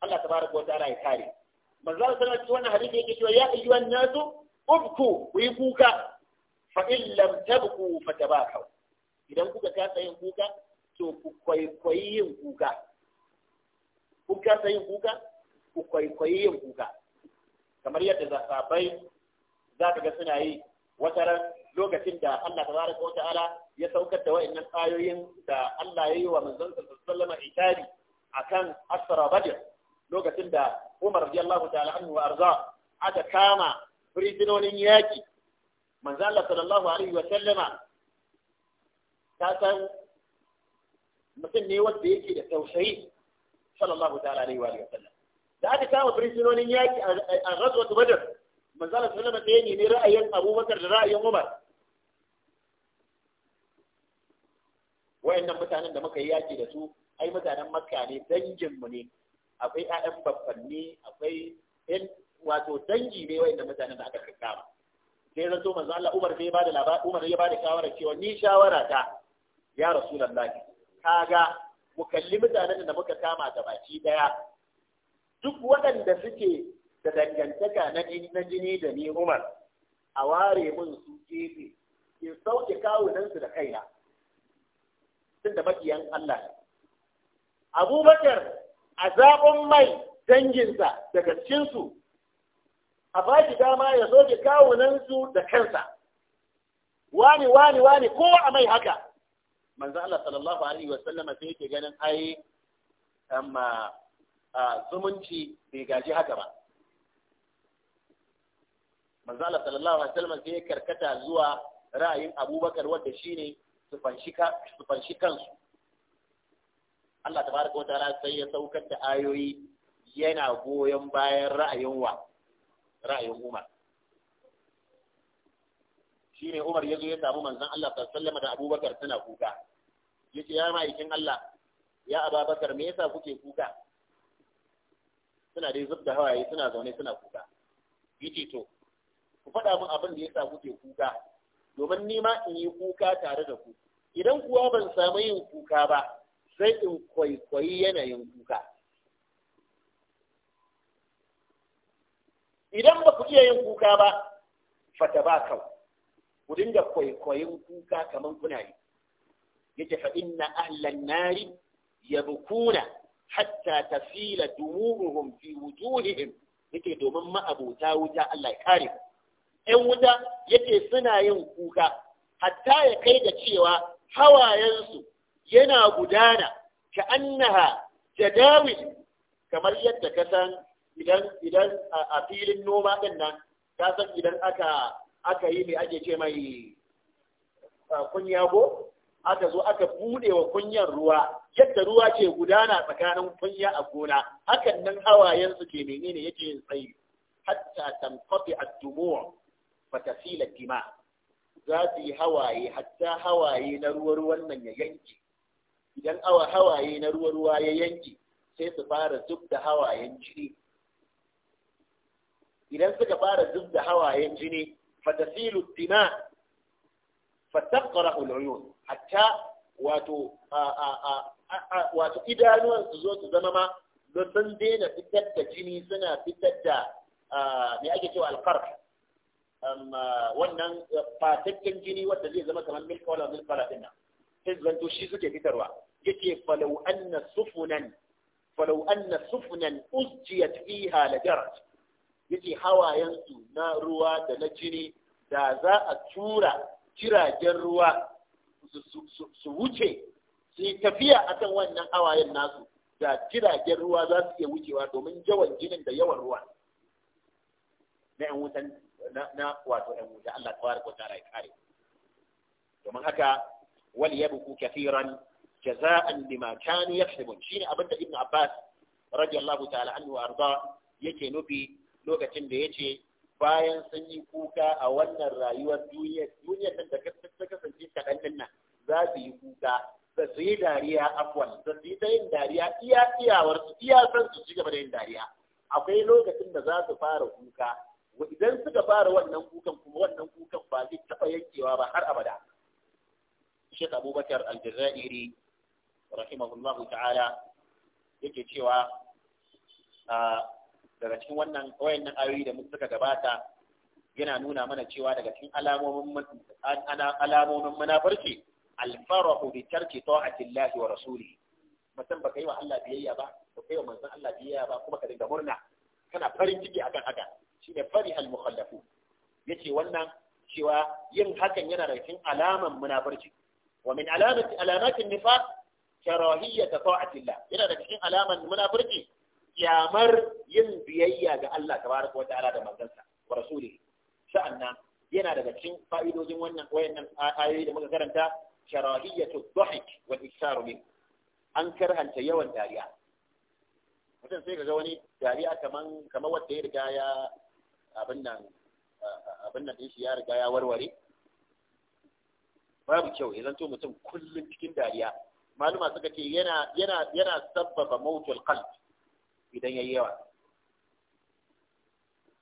Allah Ta wata ala ya kare manzo Allah sallallahu alaihi wannan hadisi yake cewa ya ayyuhan nasu ubku ku yi kuka fa in lam tabku fatabakaw idan kuka kasa yin kuka to ku kwaikwayi yin kuka kun kasa yin kuka ku kwaikwayi yin kuka kamar yadda za sabai za ka ga suna yi wata lokacin da Allah Ta baraka wata ala. ya saukar da wayannan ayoyin da Allah ya yi wa manzon sallallahu alaihi wasallam akan asra badr lokacin da Umar radiyallahu ta'ala anhu wa arza aka kama fursunonin yaki manzon Allah sallallahu alaihi wasallam ta san mutum ne wanda yake da tausayi sallallahu ta'ala alaihi wa sallam da aka kama fursunonin yaki a ghazwat badr manzon Allah sallallahu alaihi wasallam ne ra'ayin Abubakar da ra'ayin Umar wayannan mutanen da muka yi yaki da su ai mutanen makka ne dangin mu ne akwai ƴaƴan babbanni akwai in wato dangi ne wayannan mutanen da aka kakkama sai so manzo Allah Umar sai bada labari Umar ya bada shawara cewa ni shawara ta ya rasulullahi kaga mu kalli mutanen da muka kama da baki daya duk waɗanda suke da dangantaka na jini na jini da ni Umar a ware mun su gefe in sauke kawunansu da kaina tunda da maƙiyan Allah abubakar a zaɓin mai danginsa daga cikinsu a ba shi dama ya zo da su da kansa wani wani wani ko a mai haka manzo Allah sallallahu alaihi wa sallama sai yake ganin ai amma zumunci bai gaji haka ba manzo Allah sallallahu alaihi wa sallama sai ya karkata zuwa ra'ayin Abubakar wanda shine su fanshi kansu Allah Ta tabaraka wata ta'ala sai ya saukar da ayoyi yana goyon bayan ra'ayin wa ra'ayin Umar ne Umar zo ya samu manzan Allah sallallahu alaihi da Abubakar suna kuka Ya ce ya ma'aikin Allah ya Abubakar me yasa kuke kuka suna dai da hawaye suna zaune suna kuka ce to ku faɗa min abin da yasa kuke kuka domin ni ma in yi kuka tare da ku idan kuwa ban samu yin kuka ba sai in kwaikwayi yanayin kuka idan ba ku iya yin kuka ba fata ba kau ku dinga kwaikwayin kuka kamar kuna yi yace fa inna ahlan nari yabkuna hatta tafila dumuruhum fi wujuhihim yake domin ma'abota wuta Allah ya kare ku ‘yan wuta yake suna yin kuka, hatta ya kai da cewa hawayensu yana gudana ka annaha jadawil kamar yadda ka san idan idan a filin noma din nan ka san idan aka aka yi mai ake ce mai kunya aka zo aka bude wa kunyar ruwa yadda ruwa ke gudana tsakanin kunya a gona hakan nan hawayen ke menene yake yin tsayi hatta tanqati ad-dumu' fa tasila dima za su yi hawaye hatta hawaye na ruwa-ruwan nan ya yanke idan awa hawaye na ruwa-ruwa ya yanke sai su fara zub da hawayen jini idan suka fara zub da hawayen jini fatasilu dima fataqra al-uyun hatta wato wato idanuwan su zo su zama ma don sun daina fitar da jini suna fitar da me ake cewa alqarf wannan fatakken jini wanda zai zama kamar milka wala milfala din nan sai zanto shi suke fitarwa yake falau anna sufunan falau anna sufunan usjiyat fiha la jarat yake hawayen su na ruwa da na jini da za a tura jiragen ruwa su wuce su yi tafiya akan wannan hawayen nasu da jiragen ruwa za su iya wucewa domin yawan jinin da yawan ruwa na 'yan wutan na wato ɗan wuta Allah tabaraka wa ta'ala ya kare domin haka wal yabku kathiran jaza'an bima kanu yaksubun shine abinda ibnu abbas radiyallahu ta'ala anhu arda yake nufi lokacin da yace bayan sun yi kuka a wannan rayuwar duniya duniyar da ta kasance kaɗan nan za su yi kuka da su yi dariya afwan ba su yi ta yin dariya iya iyawar su iya san su ci gaba da yin dariya akwai lokacin da za su fara kuka idan suka fara wannan kukan kuma wannan kukan ba zai taɓa yankewa ba har abada Sheikh Abubakar Al-Jazairi rahimahullahu ta'ala yake cewa daga cikin wannan wayannan ayoyi da mun suka gabata yana nuna mana cewa daga cikin alamomin alamomin munafarci alfarahu bi tarki ta'ati wa rasuli mutum baka yi wa Allah biyayya ba baka yi wa manzon Allah biyayya ba kuma ka dinga murna kana farin ciki akan haka shi ne fari al Ya yace wannan cewa yin hakan yana da cikin alaman munafurci wa min alamati alamatin nifaq karahiyyat ta'atillah yana da cikin alaman munafurci kyamar yin biyayya ga Allah tabaraka wa ta'ala da manzansa wa Sa'an sa'annan yana daga cikin fa'idojin wannan wayannan ayoyi da muka karanta karahiyatu dhahik wal iksaru min an karhanta yawan dariya mutum sai ga wani dariya kaman kamar wanda ya riga ya abin nan din shi ya riga ya warware babu kyau idan zanto mutum kullum cikin dariya maluma suka ce yana sabbaba mautul qalb idan ya yi yawa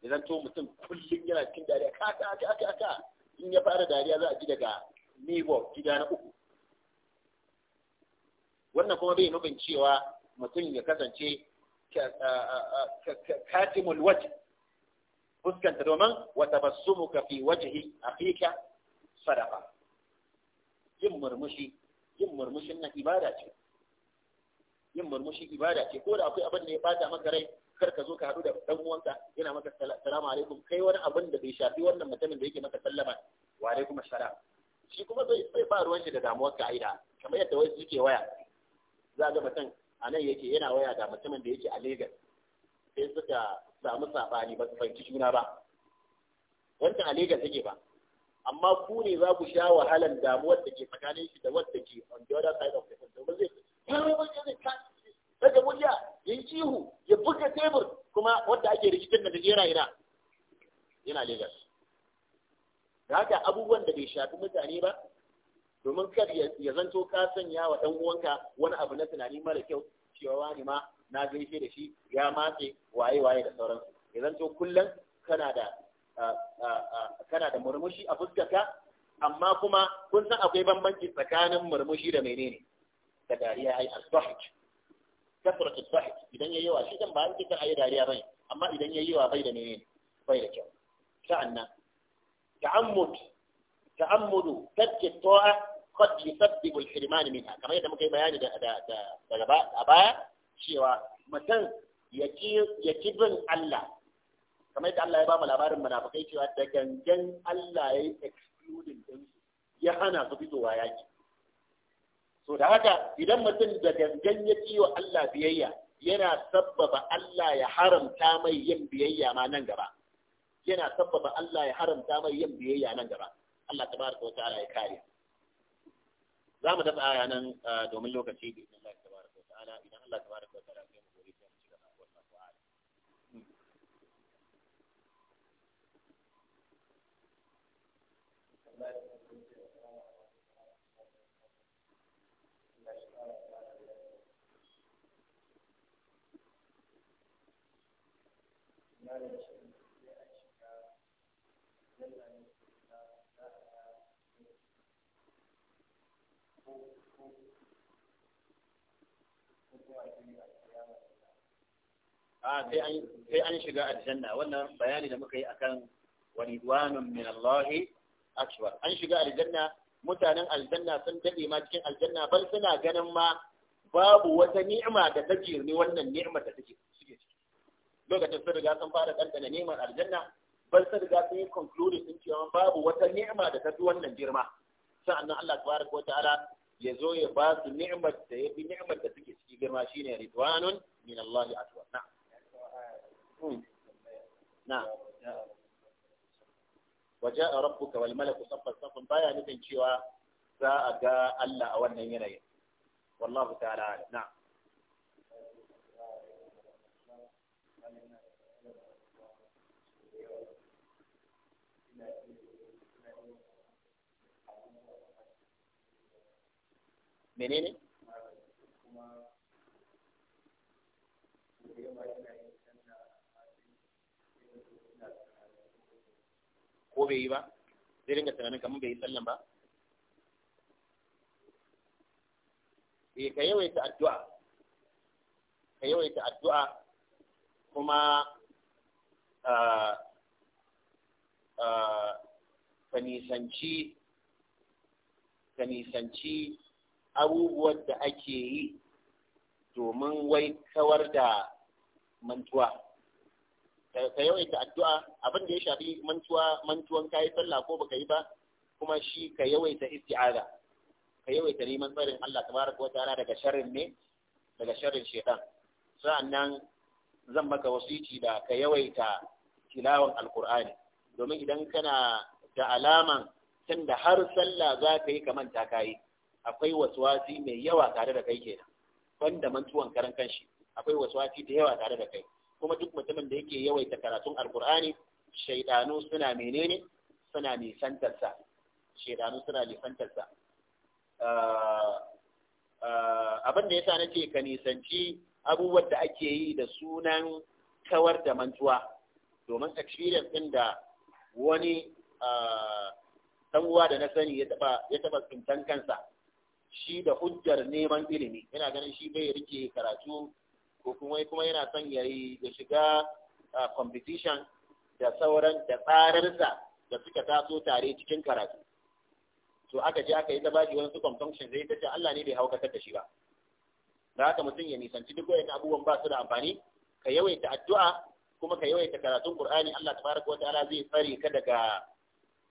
idan zanto mutum kullum yana cikin dariya ka aka aka in ya fara dariya za a ji daga nivo gida na uku wannan kuma bai nufin cewa mutum ya kasance katimul wajen fuskanta domin wa tabassumuka fi wajhi akhika sadaqa yin murmushi yin murmushin na ibada ce yin murmushi ibada ce ko da akwai abin da ya bata maka rai kar ka zo ka haɗu da dan uwanka yana maka salamu alaikum kai wani abin da bai shafi wannan mutumin da yake maka sallama wa alaikum assalam shi kuma zai zai ba ruwan shi da damuwar ka aida kamar yadda wasu suke waya za ga mutum a nan yake yana waya da mutumin da yake a Legas sai suka samu safani ba su fahimci juna ba wanda a Legas take ba amma ku ne za ku sha wahalan damuwar da ke tsakanin shi da wadda ke on the other side of the fence ba zai daga murya ya yi cihu ya buga tebur kuma wadda ake rikicin da ta jera ina yana Legas da haka abubuwan da bai shafi mutane ba domin kar ya zanto ka sanya wa ɗan uwanka wani abu na tunani mara kyau cewa wani ma na gaishe da shi ya matse waye waye da sauransu ya zanto kullum kana da kana da murmushi a fuskarka amma kuma kun san akwai bambanci tsakanin murmushi da menene da dariya ai asbahik kasrat asbahik idan yayi wa shi dan ba an kika ai dariya bane amma idan yayi wa bai da menene bai da kyau sa'annan ta'ammud ta'ammudu to'a. qad yusabbibu al-hirman kamar yadda muka yi bayani da da baya cewa mutum ya ki bin Allah kamar yadda Allah ya ba mu labarin munafikai cewa da gangan Allah ya yi excluding din ya hana su fitowa yaki so da haka idan mutum da gangan ya ci Allah biyayya yana sabbaba Allah ya haramta mai yin biyayya ma nan gaba yana sabbaba Allah ya haramta mai yin biyayya nan gaba Allah tabaraka wa ta'ala ya kare za mu dafa aya nan ah, domin lokaci bi Allah tabaraka wa ta'ala idan Allah tabaraka wa ta'ala ya mu gobe sai mu ci gaba wannan ta'ala Thank you. sai an shiga aljanna wannan bayani da muka yi akan waridwanun min Allah akbar an shiga aljanna mutanen aljanna sun daɗe ma cikin aljanna bal suna ganin ma babu wata ni'ima da ta jirni wannan ni'ima da take suke ciki lokacin sun riga sun fara dandana ni'imar aljanna bal sun riga sun yi conclude sun cewa babu wata ni'ima da ta fi wannan girma sa'annan Allah tabaraka ko ta'ala ya zo ya ba su ni'imar da ya fi ni'imar da suke ciki girma shine ridwanun min Allah akbar na'am Hmm. na waje a rabbuka wal malaku saffan saffan baya nufin cewa za a ga Allah a wannan yanayin wallahu ta'ala na menene ko bai yi ba zai dinga tunanin kamar bai yi sallan ba E, ka yawaita addu'a ka yawaita addu'a kuma ah, ah, ka nisanci ka nisanci abubuwan da ake yi domin wai kawar da mantuwa ka yawaita addu'a abin da ya shafi mantuwa mantuwan kayi sallah ko baka yi ba kuma shi ka yawaita isti'aza ka yawaita neman tsarin Allah tabaraka wataala daga sharrin ne daga sharrin shaytan sa'annan zan maka wasiti da ka yawaita tilawan alqur'ani domin idan kana da alaman tunda har sallah za ka yi ka manta kayi akwai waswasi mai yawa tare da kai kenan banda mantuwan karan kanshi akwai waswasi da yawa tare da kai kuma duk mutumin da yake yawaita karatun alkur'ani shaidanu suna menene suna nisantarsa shaidanu suna nisantarsa ah, ah, abin da ya yasa nace ka nisanci abubuwan da ake yi da sunan kawar da mantuwa domin experience din da wani dan ah, uwa da na sani ya taba tsintan kansa shi da hujjar neman ilimi yana ganin shi bai rike karatu ko kuma kuma yana son ya yi ya shiga competition da sauran da tsararsa da suka taso tare cikin karatu to aka je aka yi ta baji wani su competition zai ta ce Allah ne bai haukatar da shi ba da haka mutum ya nisanci duk wayannan abubuwan ba su da amfani ka yawaita addu'a kuma ka yawaita karatun Qur'ani Allah tabaraka wa ta'ala zai tsare ka daga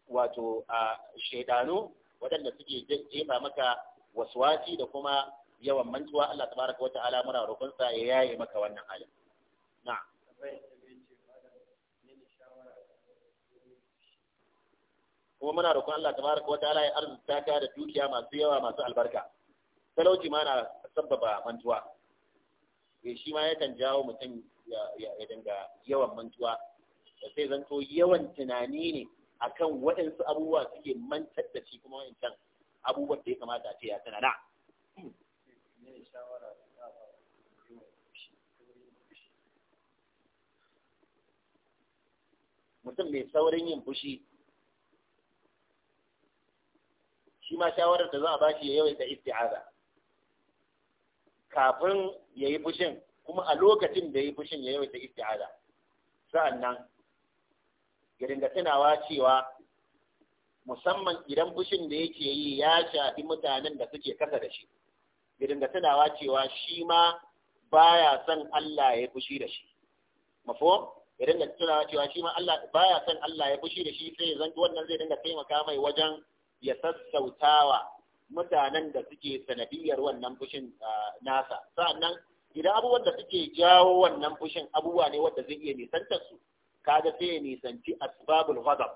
wato a shaidanu waɗanda suke jefa maka waswasi da kuma yawan mantuwa Allah tabaraka wata'ala muna roƙon ya yaye maka wannan halin Na. kuma muna rukun Allah tabaraka wata'ala ya arzuta ka da dukiya masu yawa masu albarka talauci ma na sabbaba mantuwa Ya eh, shi ma yakan jawo mutum ya dinga yawan mantuwa da sai zanto yawan tunani ne akan waɗansu abubuwa suke mantar da shi kuma wancan abubuwan da ya kamata a ce ya tunana shawara da za ba mutum mai saurin yin fushi shi ma shawarar da za a bashi ya yawaita isti'aza kafin ya yi fushin kuma a lokacin da ya yi fushin ya yawaita isti'aza sa'annan ya dinga tunawa cewa musamman idan fushin da yake yi ya shafi mutanen da suke kasa da shi ya dinga tunawa cewa shi ma baya son Allah ya fushi da shi Mafo? ya dinga tunawa cewa shi ma Allah baya son Allah ya fushi da shi sai ya zanto wannan zai dinga taimaka mai wajen ya sassautawa mutanen da suke sanadiyar wannan fushin ah, nasa sa'annan idan abubuwan da suke jawo wannan fushin abubuwa ne wanda zai iya nisantar su kaga sai ya nisanci asbabul ghadab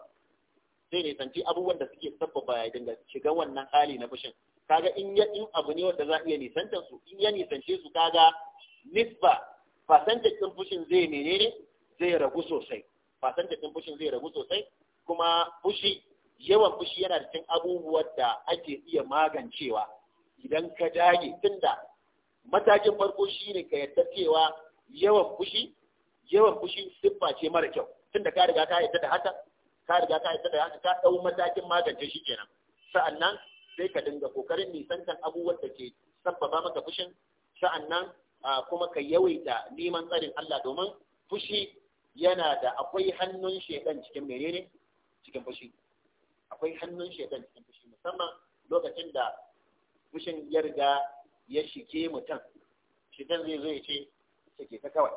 zai ne nisanci abubuwan da suke sabbaba ya dinga shiga wannan hali na fushin kaga in ya in abu ne wanda za iya nisantar su in ya nisance su kaga nisba fasanta din fushin zai menene zai ragu sosai fasanta din fushin zai ragu sosai kuma fushi yawan fushi yana da cikin abubuwan da ake iya magancewa idan ka dage tunda matakin farko shine ka yadda cewa yawan fushi yawan fushi siffa ce mara kyau tunda ka riga ka yadda da haka ka riga ka yadda da haka ka ɗau matakin magance shi kenan sa'annan sai ka dinga kokarin nisantan abubuwan da ke sabbaba maka fushin sa'annan kuma ka yawaita neman tsarin Allah domin fushi yana da akwai hannun shedan cikin menene cikin fushi akwai hannun shedan cikin fushi musamman lokacin da fushin ya riga ya shige mutum shedan zai zo ya ce sake ta kawai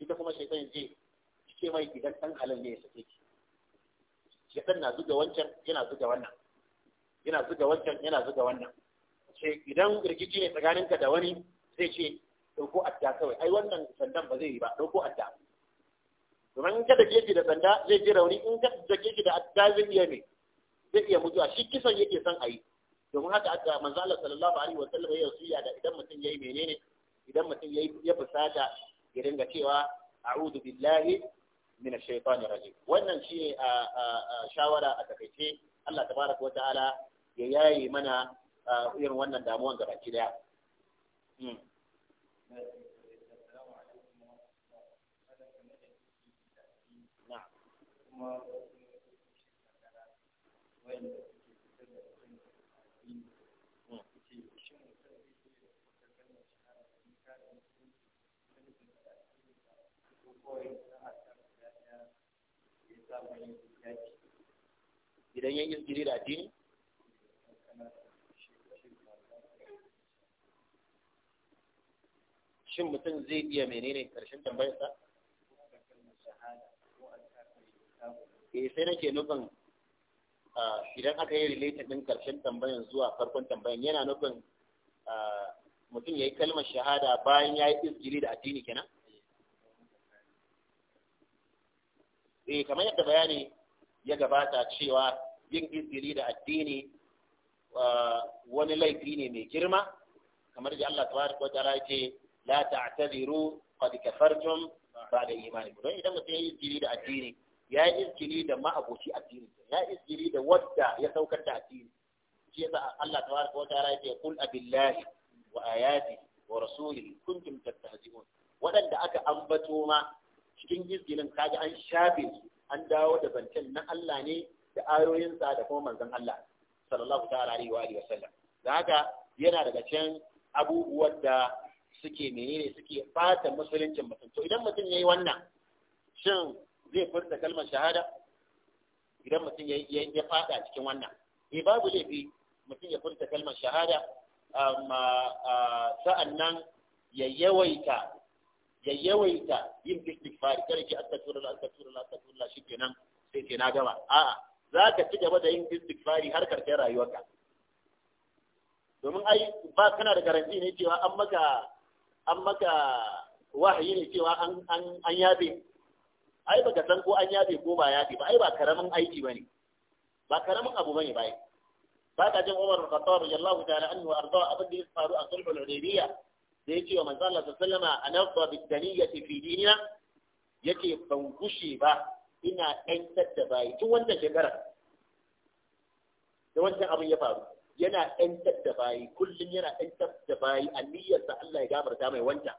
ita kuma shedan ya ce ce mai idan ɗan halin ne ya sake ki shedan na zuga wancan yana zuga wannan yana zuga wancan yana zuga wannan ce idan rikici ne tsakaninka da wani zai ce dauko adda kawai ai wannan sandan ba zai yi ba dauko adda domin in ka dake shi da sanda zai ji rauni in ka dake shi da adda zai iya ne zai iya mutuwa shi kisan yake son a yi domin haka adda manzo Allah sallallahu alaihi wa sallam ya wasiya da idan mutum yayi menene idan mutum yayi ya fusata ya dinga cewa a'udhu billahi min ash-shaytanir wannan shine a shawara a takaice Allah tabaraka wataala ya yayi mana irin wannan damuwan gaba ki daya hmm. Na'am. idan ya izgiri da addini shin mutum zai iya menene karshen tambayarsa eh sai nake nufin idan aka yi related din karshen tambayan zuwa farkon tambayan yana nufin mutum ya yi kalmar shahada bayan ya yi izgiri da addini kenan eh kamar yadda bayani ya gabata cewa yin izgiri da addini wani laifi ne mai girma kamar da Allah tabaraka wa ta'ala yake la ta'tadiru qad kafartum ba'da imanikum don idan mutum ya yi izgiri da addini ya yi izgiri da ma'aboci addini ya yi izgiri da wadda ya saukar da addini shi yasa Allah tabaraka wa ta'ala ce, kul abillahi wa ayati wa rasulihi kuntum tastahzi'un wadanda aka ambato ma cikin izgilin kaga an shafe su an dawo da zancen na Allah ne da ayoyinsa da kuma manzon Allah sallallahu ta'ala alaihi wa alihi wasallam da haka yana daga cikin abubuwan da suke menene suke fata musuluncin mutum to idan mutum yayi wannan shin zai furta kalmar shahada idan mutum ya ya fada cikin wannan eh babu laifi mutum ya furta kalmar shahada amma ah, sa'annan ya yawaita ya yawaita yin istighfar kada ki astaghfirullah astaghfirullah astaghfirullah shikenan sai ke na gama a'a za ka ci gaba da yin fari har karshen rayuwarka domin ai ba kana da garanti ne cewa an maka an maka wahayi ne cewa an an an yabe ai baka san ko an yabe ko ba yabe ba ai ba karamin aiki bane ba karamin abu bane bai ba ka jin Umar bin Khattab radiyallahu ta'ala anhu arda abin da ya faru a sulhul hudaybiyah da ya ce wa manzo Allah sallama anabba bidaniyati fi dinina yake ban gushe ba ina ɗantar da bayi tun wancan shekarar da wancan abin ya faru yana ɗantar da bayi kullum yana ɗantar da bayi a niyyarsa Allah ya gafarta mai wancan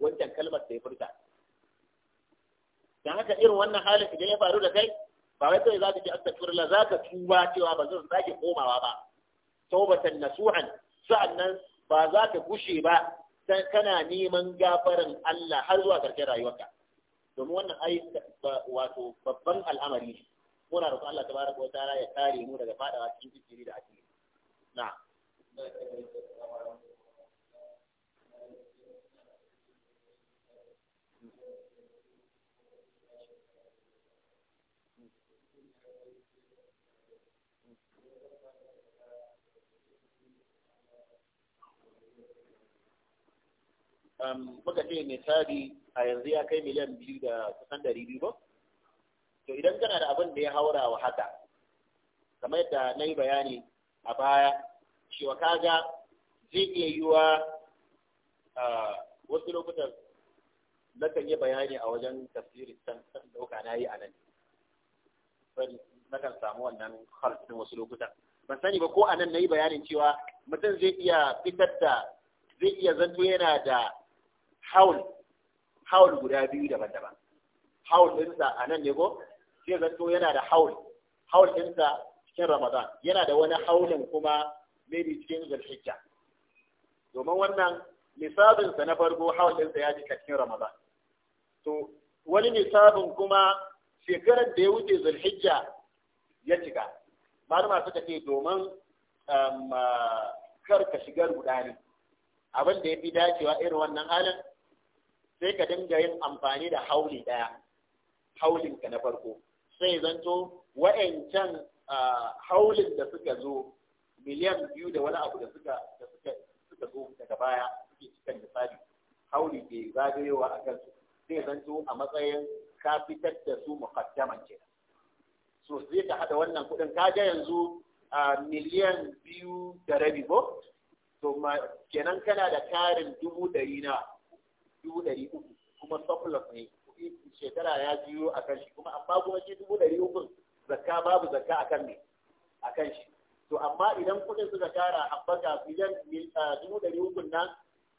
wancan kalmar da ya furta dan haka irin wannan halin idan ya faru da kai ba wai kai za ka ji astaghfirullah za ka tuba cewa ba zan sake komawa ba tawbatan nasuhan sa'annan ba za ka gushe ba kana neman gafarin Allah har zuwa ƙarshen rayuwarka domin wannan ai wato babban al'amari ne muna roƙon Allah tabaraka wa ta'ala ya kare mu daga fadawa cikin kifiri da ake na muka ce misali a yanzu ya kai miliyan biyu da kusan ɗari biyu ba to idan kana da abin da ya haura wa haka kamar yadda na yi bayani a baya cewa kaga zai iya yi wa wasu lokutan na kan yi bayani a wajen tafsirin can san dauka na yi a nan na kan samu wannan harsunan wasu lokutan ban sani ba ko a nan na yi bayanin cewa mutum zai iya fitar da zai iya zanto yana da haul haul guda biyu daban-daban haul ɗinsa a nan ne ko sai zanto yana da haul haul ɗinsa cikin ramadan yana da wani haulin kuma maybe cikin zulhijja domin wannan nisabinsa na farko haul ɗinsa ya jika cikin ramadan to wani nisabin kuma shekarar da ya wuce zulhijja ya cika malama masu ce domin um, kar shigar rudani abin da ya fi dacewa irin wannan halin sai ka dinga yin amfani da hauli ɗaya haulin ka na farko sai zanto wa'ancan haulin da suka zo miliyan biyu da wani abu da suka suka zo daga baya suke cikin misali hauli ke zagayowa a kansu zan zanto a matsayin ka fitar da su muqaddaman kenan so sai ka hada wannan kuɗin ka ga yanzu miliyan biyu da rabi ko to kenan kana da karin dubu ɗari na dubu ɗari uku kuma surplus ne shekara ya jiyo a kan shi kuma amma kuma shi dubu ɗari uku zakka babu zakka a kan ne a kan shi to amma idan kuɗin suka kara haɓaka idan dubu ɗari uku nan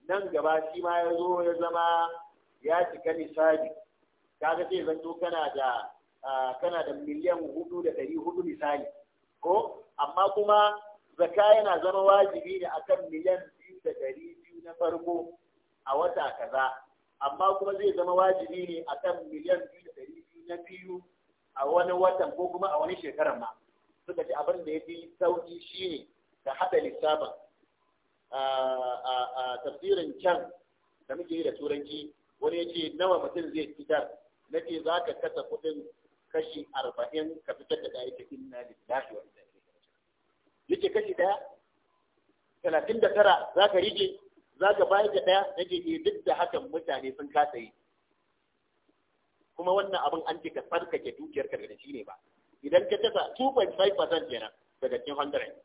nan gaba shi ma ya zo ya zama ya cika misali kaga sai zanto kana da kana da miliyan hudu da ɗari hudu misali ko amma kuma zakka yana zama wajibi ne akan miliyan biyu da ɗari biyu na farko a wata kaza amma kuma zai zama wajibi ne a kan miliyan biyu da ɗari biyu na biyu a wani watan ko kuma a wani shekarar ma suka ce abin da ya fi sauƙi shine ka haɗa lissafin a tafsirin can da muke yi da turanci wani ya ce nawa mutum zai fitar na ce za ka kasa kuɗin kashi arba'in ka fitar da ɗaya cikin na lissafi wa ta yi. kashi ɗaya talatin da tara za ka rike za ka bayar da ɗaya na ce eh, duk da hakan mutane sun kasa yi kuma wannan abin an ce ka tsarkake dukiyar ka daga shi ne ba idan ka kasa 2.5% kenan daga cikin 100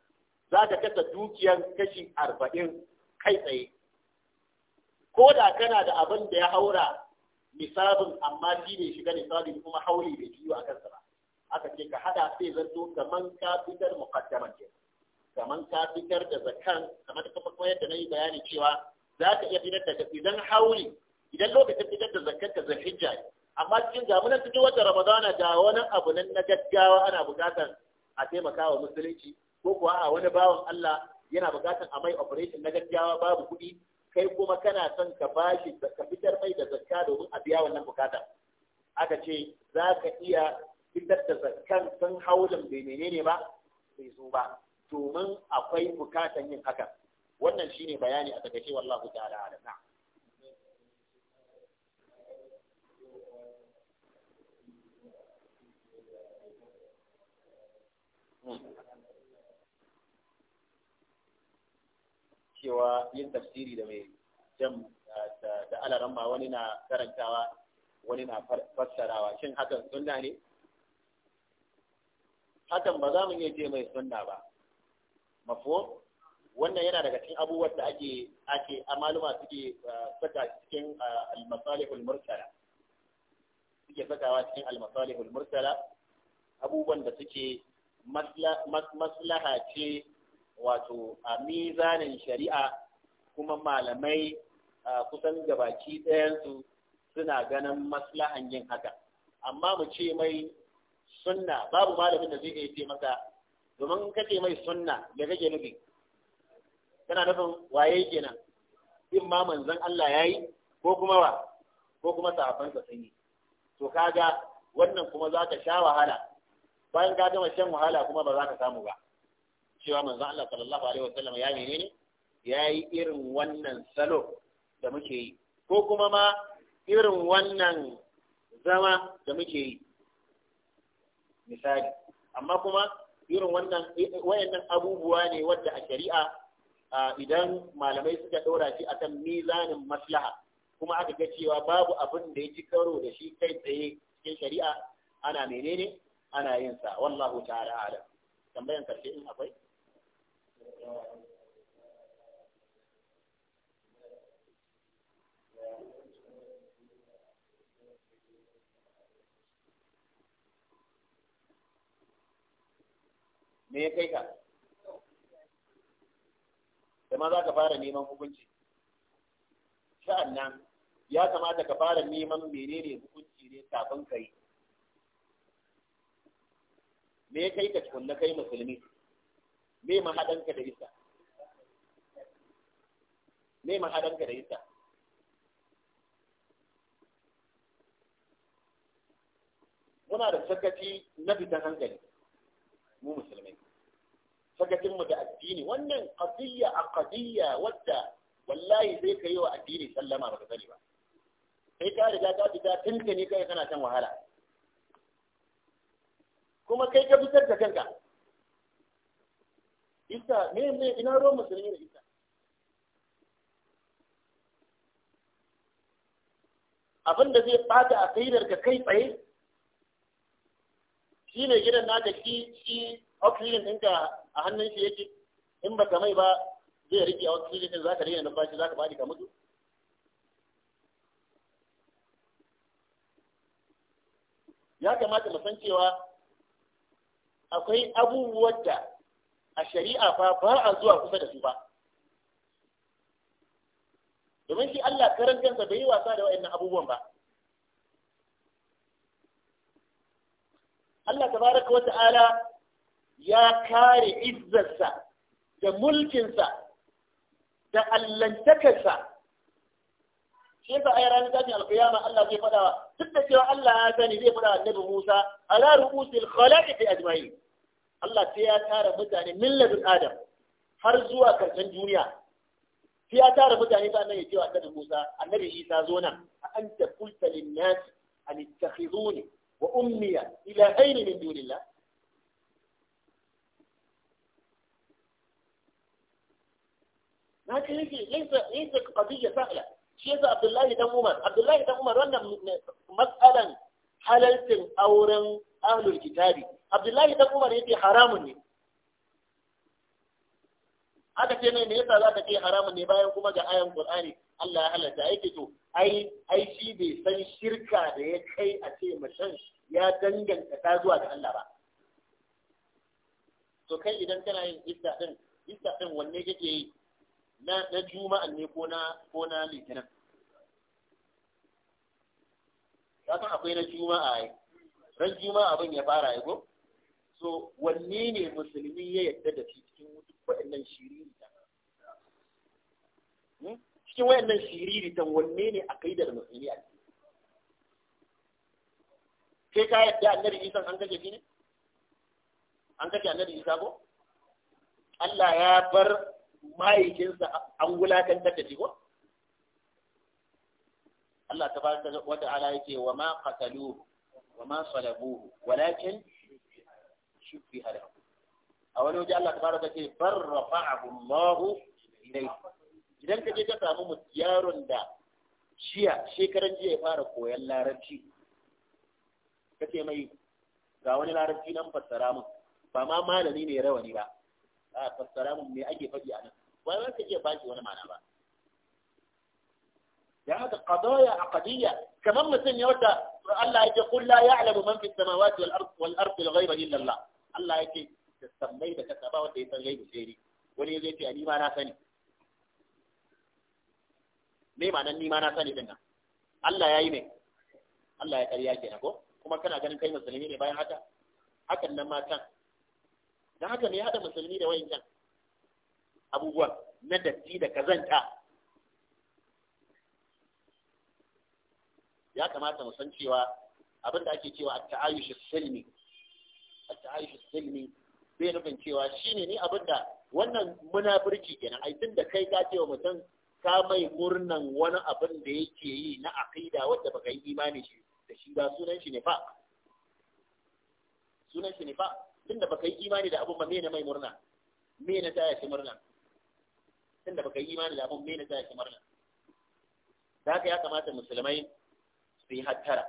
za ka kasa dukiyar kashi arba'in kai tsaye ko da kana da abin da ya haura misabin amma shi ne shiga misalin kuma hauri bai ciwo a kansa ba aka ce ka haɗa sai zato kamar ka fitar muqaddaman kenan kamar ka fitar da zakan kamar da kafa koyar da na yi bayani cewa za ka iya fitar da don hauri idan lokacin fitar da zakan ka zahijja ne amma cikin zamunan cikin wata ramadana ga wani abu nan na gaggawa ana bukatar a taimaka wa musulunci ko kuwa a wani bawan Allah yana bukatar a mai operation na gaggawa babu kuɗi kai kuma kana son ka bashi ka fitar mai da zakka domin a biya wannan bukata aka ce za ka iya fitar da zakkan sun haulin bai menene ba bai zo ba domin akwai bukatan yin haka wannan shine bayani a takaice wallahu ta'ala A na'am hmm. cewa yin tafsiri da mai jam da alaran ma wani na karantawa wani na fassarawa shin hakan sunna ne hakan ba za mu iya ce mai sunna ba mafo wannan yana daga cikin abubuwan da ake ake amaluma suke uh, saka cikin uh, al-masalihul mursala suke sakawa cikin al-masalihul mursala abubuwan da suke maslaha ce wato a mizanin shari'a kuma malamai uh, kusan gabaki ɗayansu suna ganin maslahan yin haka amma mu ce mai sunna babu malamin da zai iya ce maka domin in kace mai sunna da kake nufi kana nufin waye kenan in ma manzon Allah yayi ko kuma wa ko kuma sahabbansa sun yi to kaga wannan kuma za sha wahala bayan ka gama shan wahala kuma ba za ka samu ba cewa manzon Allah sallallahu alaihi wasallam ya menene yayi irin wannan salo da muke yi ko kuma ma irin wannan zama da muke yi misali amma kuma irin wannan wayannan abubuwa ne wadda a shari'a idan malamai suka ɗora shi a kan mizanin maslaha kuma aka ga cewa babu abin da ya ci karo da shi kai tsaye cikin shari'a ana menene ana yin sa wallahu ta'ala tambayan karshe in akwai me ya kai ka da ma za ka fara neman hukunci sha'an nan ya kamata ka fara neman menene hukunci ne kafin ka yi me ya kai ka cikin na kai musulmi me mahaɗanka da isa me mahaɗanka da isa muna da sakaci na fitan hankali mu musulmai sakacin mu da addini wannan qadiyya aqdiyya wadda wallahi zai ka yi wa addini sallama baka sani ba sai ka riga ka fita ne kai kana kan wahala kuma kai ka fitar da kanka isa me me ina ro musulmi da isa abin da zai bata a kaidar ka kai tsaye shi ne gidan naka shi shi oxygen ɗinka a hannun shi yake in baka mai ba zai rike a wasu cikin zaka daina numfashi zaka za ka mutu ya kamata mu san cewa akwai abubuwan da a shari'a fa ba a zuwa kusa da su ba domin shi Allah karan bai yi wasa da wa'annan abubuwan ba Allah tabaraka wa ta'ala ya kare izzarsa da mulkinsa da allantakarsa shi yasa a ranar tashin alkiyama Allah zai faɗa duk da cewa Allah ya sani zai faɗa annabi Musa ala ru'usil khalaiqi ajma'in Allah sai ya tara mutane millatul adam har zuwa karshen duniya sai ya tara mutane ba nan ya cewa annabi Musa annabi Isa zo nan a anta qulta lin nas an ittakhizuni wa ummiya ilahayn min dunillah haka yake laisa laisa qadiyya sahla shi yasa Abdullahi dan Umar Abdullahi dan Umar wannan matsalan halalcin auren ahlul Abdullahi dan Umar yake haramun ne aka ne me yasa za ka ce haramun ne bayan kuma ga ayan ƙur'ani Allah ya halatta yake to ai ai shi bai san shirka da ya kai a ce mutum ya danganta ta zuwa ga Allah ba to kai idan kana yin ista din ista din wanne kake yi na juma'an ne ko na litinin san akwai na juma'a ai ran juma'a abin ya fara ai ko so wanne ne musulmi ya yadda da cikin waɗannan shiriri ta hmm? cikin waɗannan shiriri ta wanne ne a kai da musulmi a ke? ka yadda annabi isa an kace shi ne an kace annabi isa ko Allah ya bar mahaifinsa an wulakantar da shi ko Allah tabaraka wa ala yake wa ma qataluhu wa ma salabuhu walakin shubbiha lahu a wani waje Allah Ta fara ce bar rafa'ahu Allah ilayhi idan ka je ka samu yaron da shiya shekaran jiya ya fara koyan larabci kace mai ga wani larabci nan fassara mun ba ma malami ne rawani ba a fassara mun me ake faɗi a nan wai ba ka iya shi wani ma'ana ba ya haka qadaya aqdiyya kamar mutum ya wata Allah yake kul la ya'lamu man fi samawati wal ardi wal ardi ghayra illa Allah Allah yake sammai da kasa ba wanda ya san gaibi sai ni wani zai ce ni ma na sani me ma'anar ni ma na sani din nan Allah yayi ne Allah ya ƙarya kenan ko kuma kana ganin kai musulmi ne bayan haka hakan nan ma can don haka ne hada musulmi da wayancan abubuwa na datti da kazanta ya kamata mu san cewa abin da ake cewa at-ta'ayush as-silmi at-ta'ayush as-silmi bai nufin cewa shine ne abin da wannan munafirki kenan ai tun da kai ka ce wa mutum ka mai murnan wani abin da yake yi na aqida wanda baka yi imani shi da shi ba sunan shi ne fa sunan shi ne fa tunda baka yi imani da abun ba me mai murna me na taya shi murna tunda baka yi imani da abun me na taya murna da haka ya kamata musulmai su yi hattara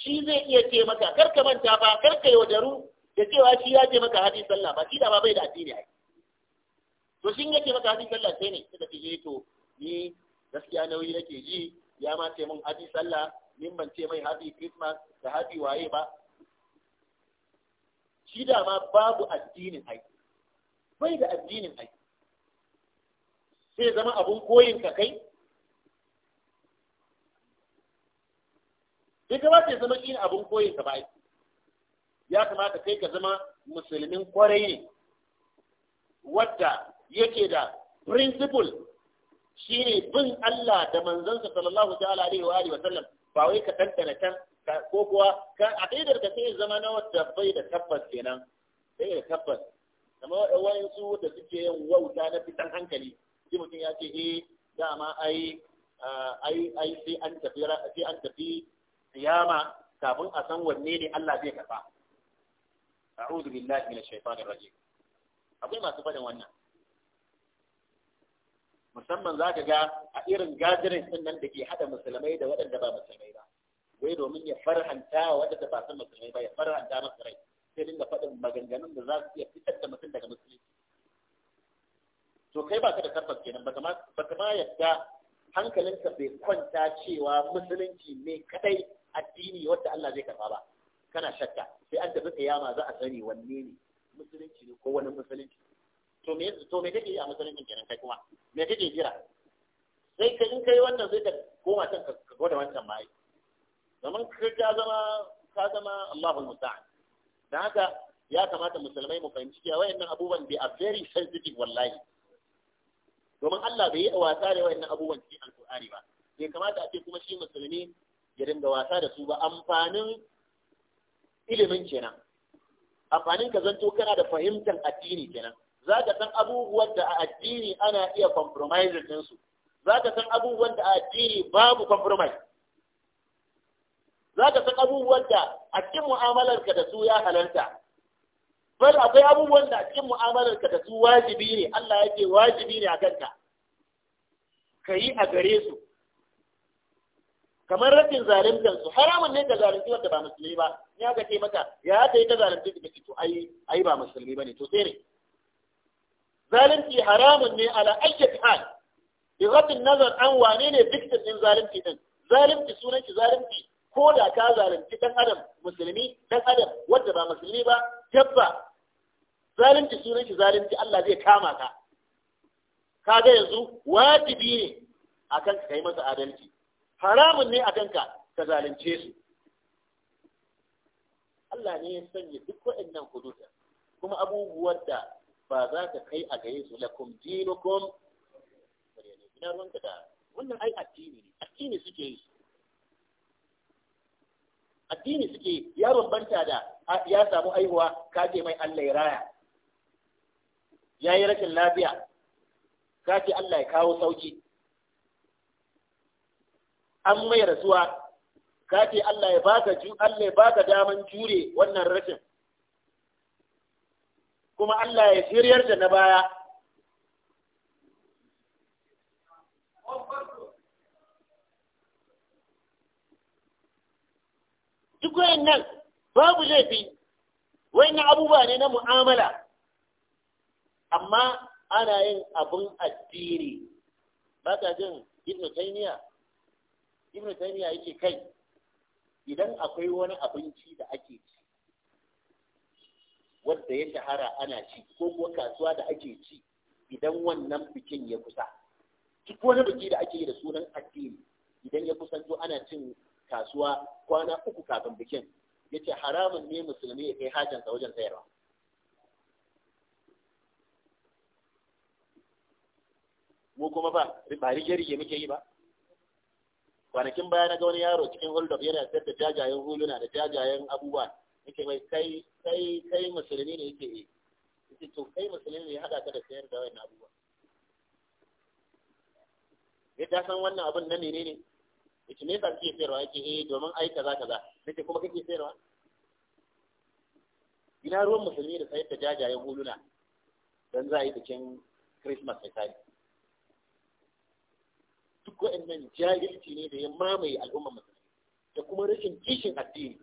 shi zai iya ce maka kar ka manta ba kar ka yaudaru da cewa shi ya ce maka hadin sallah ba shi da ba bai da addini ai to shin yake maka hadin sallah sai ne suka ce eh to ni gaskiya nauyi nake ji ya ma ce mun hadin sallah min ban ce mai happy christmas da happy waye ba shi dama babu addinin aiki. bai da addinin aiki. sai zama abun koyin ka kai sai ka ba zama shi abun koyin ka ba ya kamata kai ka zama musulmin kwarai ne wadda yake da principle shine bin Allah da manzansa sallallahu alaihi alihi wa sallam ba wai ka tantana can ko kuwa aqidar ka sai zama na wata bai da tabbas kenan sai da tabbas kamar wayan su da suke yin wauta na fitan hankali shi mutum ya ce eh dama ai ai ai sai an tafi sai an tafi siyama kafin a san wanne ne Allah zai karba a'udhu billahi minash shaitanir rajim akwai masu faɗin wannan musamman za ka ga a irin gajirin sannan nan da ke haɗa musulmai da waɗanda ba musulmai ba wai domin ya farhanta wanda ta ba musulmai ba ya farhanta masa rai sai dinga faɗin maganganun da za su iya fitar da mutum daga musulunci to kai ba ka da tabbas kenan ba ka ma yadda hankalinka bai kwanta cewa musulunci ne kadai addini wanda Allah zai karɓa ba kana shakka sai an tafi kiyama za a sani wanne ne musulunci ne ko wani musulunci to me to me kake yi a musulunci kenan kai kuma me kake jira sai ka in kai wannan sai ka koma can ka gwada wancan mai kamar ka zama ka zama Allahu musta'an dan haka ya kamata musulmai mu fahimci cewa wayannan abubuwan they a very sensitive wallahi domin Allah bai yi wasa da wayannan abubuwan cikin alkur'ani ba bai kamata a ce kuma shi musulmi ya dinga wasa da su ba amfanin ilimin kenan amfanin ka zanto kana da fahimtar addini kenan za ka san abubuwan da a addini ana iya compromise din su za ka san abubuwan da a addini babu compromise za ka san abubuwan da a cikin mu'amalarka da su ya halarta bal akwai abubuwan da a cikin mu'amalarka da su wajibi ne Allah yake wajibi ne a kanka ka yi a gare su kamar rashin zaluntar su haramun ne ka zalunci wanda ba musulmi ba ya ga ce maka ya ta yi ta zalunci da kake to ai ai ba musulmi bane to sai ne zalunci haramun ne ala ayyi hal bi ghadd nazar an wane ne victim din zalunci din zalunci sunan ki zalunci ko da ka zalunci ɗan adam musulmi ɗan adam wanda ba musulmi ba tabba. zalunci sunan shi zalunci Allah zai kama ka kaga yanzu wajibi ne akan ka yi masa adalci haramun ne akan ka ka zalunce su Allah ne ya sanya duk waɗannan hududan kuma abubuwan da ba za ka kai a gare su lakum dinukum wannan ai addini ne addini suke yi addini suke ya bambanta da ya samu aihuwa ka ce mai Allah ya raya ya yi rashin lafiya ka ce Allah ya kawo sauki an mai rasuwa ka ce Allah ya baka ju Allah ya baka daman jure wannan rashin kuma Allah ya shiryar da na baya duk nan babu laifi wayan abubuwa ne na mu'amala amma ana yin abin addini ba ka jin ibnu taymiya ibnu taymiya yake kai idan akwai wani abinci da ake ci wanda ya shahara ana ci ko kuwa kasuwa da ake ci idan wannan bikin ya kusa duk wani biki da ake yi da sunan addini idan ya kusanto ana cin kasuwa kwana uku kafin bikin yace haramun ne musulmi ya kai hajjansa wajen sayarwa mu kuma ba ba rige-rige muke yi ba kwanakin baya na ga wani yaro cikin hold up yana sayar da jajayen huluna da jajayen abubuwa yake mai kai kai kai musulmi ne yake yi yake to kai musulmi ne hada ka da sayar da wannan abubuwa ya san wannan abin na menene yace me yasa kike sayarwa yake eh domin ai kaza kaza nace kuma kake sayarwa ina ruwan musulmi da sayar da jajayen huluna dan za a yi bikin Christmas misali duk waɗannan jahilci ne da ya mamaye al'ummar musulmi da kuma rashin kishin addini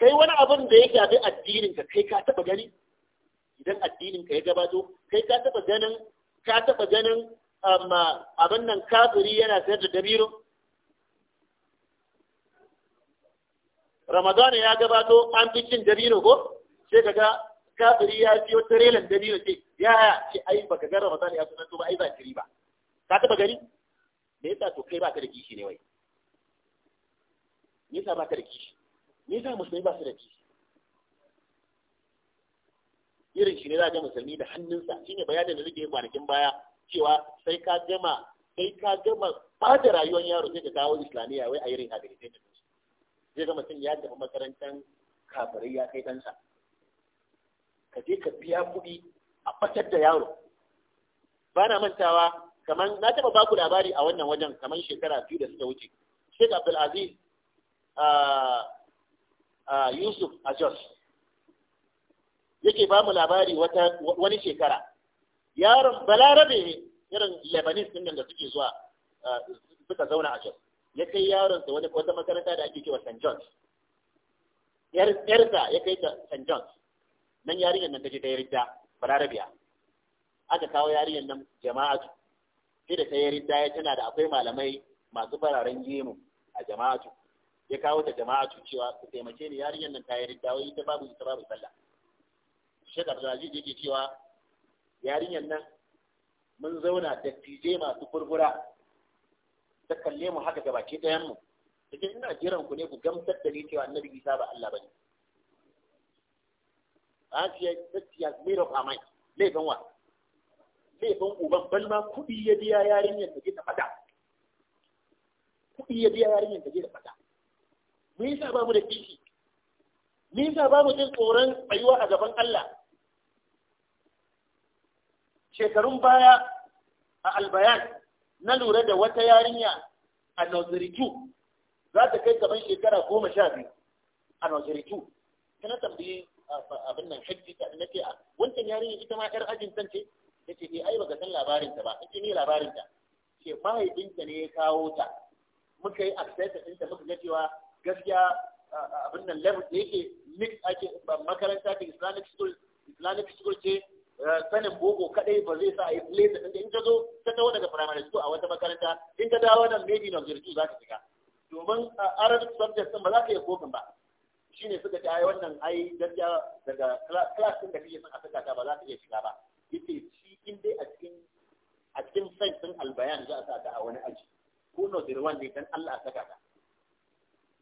kai wani abin da ya shafi addinin ka kai ka taba gani idan addinin ka ya gabato kai ka taba ganin ka taba ganin amma abin nan kafiri yana sayar da dabiro Ramadan ya gabato an fi cin dabino ko sai kaga kafiri ya siyo tirelan dabino ce ya ya ce ai Ba ga Ramadan ya sunan to ba ai ba kiri ba ka taba gari me yasa to kai baka da kishi ne wai me yasa baka da kishi me yasa musulmi ba su da kishi irin shi ne za ga musulmi da hannunsa shine bayanin da nake kwanakin baya cewa sai ka gama sai ka gama bada rayuwar yaro sai ka kawo islamiyya wai a yi rehabilitation din zai gama mutum ya tafi makarantar kafirai ya kai ɗansa ka je ka biya kuɗi a fatar da yaro ba na mantawa kamar na taɓa baku labari a wannan wajen kamar shekara biyu da suka wuce Sheikh Abdulaziz Yusuf Ajos yake ba mu labari wani shekara yaron balarabe irin lebanese din da suke zuwa suka zauna a can, ya kai yaron sa wani wata makaranta da ake cewa st john's yarsa ya kai ta st john's nan yarinyar nan ta ce ta yi balarabiya aka kawo yarinyar nan jama'atu sai da ta yi ridda ya tana da akwai malamai masu fararen gemu a jama'atu ya kawo ta jama'atu cewa su taimake ni yarinyar nan ta yi wai ita babu ita babu sallah shekar da yake cewa yarinyar nan mun zauna da tije masu furfura ta kalle mu haka gabaki ɗayan mu cikin ina jiran ku ne ku gamsar da ni cewa annabi isa ba Allah bane a ce ya made up her mind laifin wa laifin uban balma kuɗi ya biya yarinyar da ke da fata kuɗi ya biya yarinyar da ke da fata yi sa ba mu da kishi me yasa ba mu jin tsoron tsayuwa a gaban Allah shekarun baya a albayan na lura da wata yarinya a nursery za ta kai kamar shekara goma sha biyu a nursery 2 kana tambaye abin nan hajji ta na ce a wancan yarinya ita ma yar ajin san ce ta ce ke eh, ai baka san labarinta ba ake ne labarinta ke mahaifinta ne ya kawo ta muka yi access ɗinta muka ga cewa gaskiya abin nan level da yake mix ake makaranta ta islamic school islamic school ce Eh, sanin boko kadai ba zai sa a yi place ɗin in ta zo ta tawo daga primary school a wata makaranta in ta dawo nan maybe na zirtu za ta shiga domin arabic subject din ba za ka iya kofin ba shine suka ce ai wannan ai gaskiya daga class ɗin da kake son a saka ta ba za ta iya shiga ba yace shi in dai a cikin a cikin science din albayan za a sa ta a wani aji ko nursery one din dan Allah a saka ta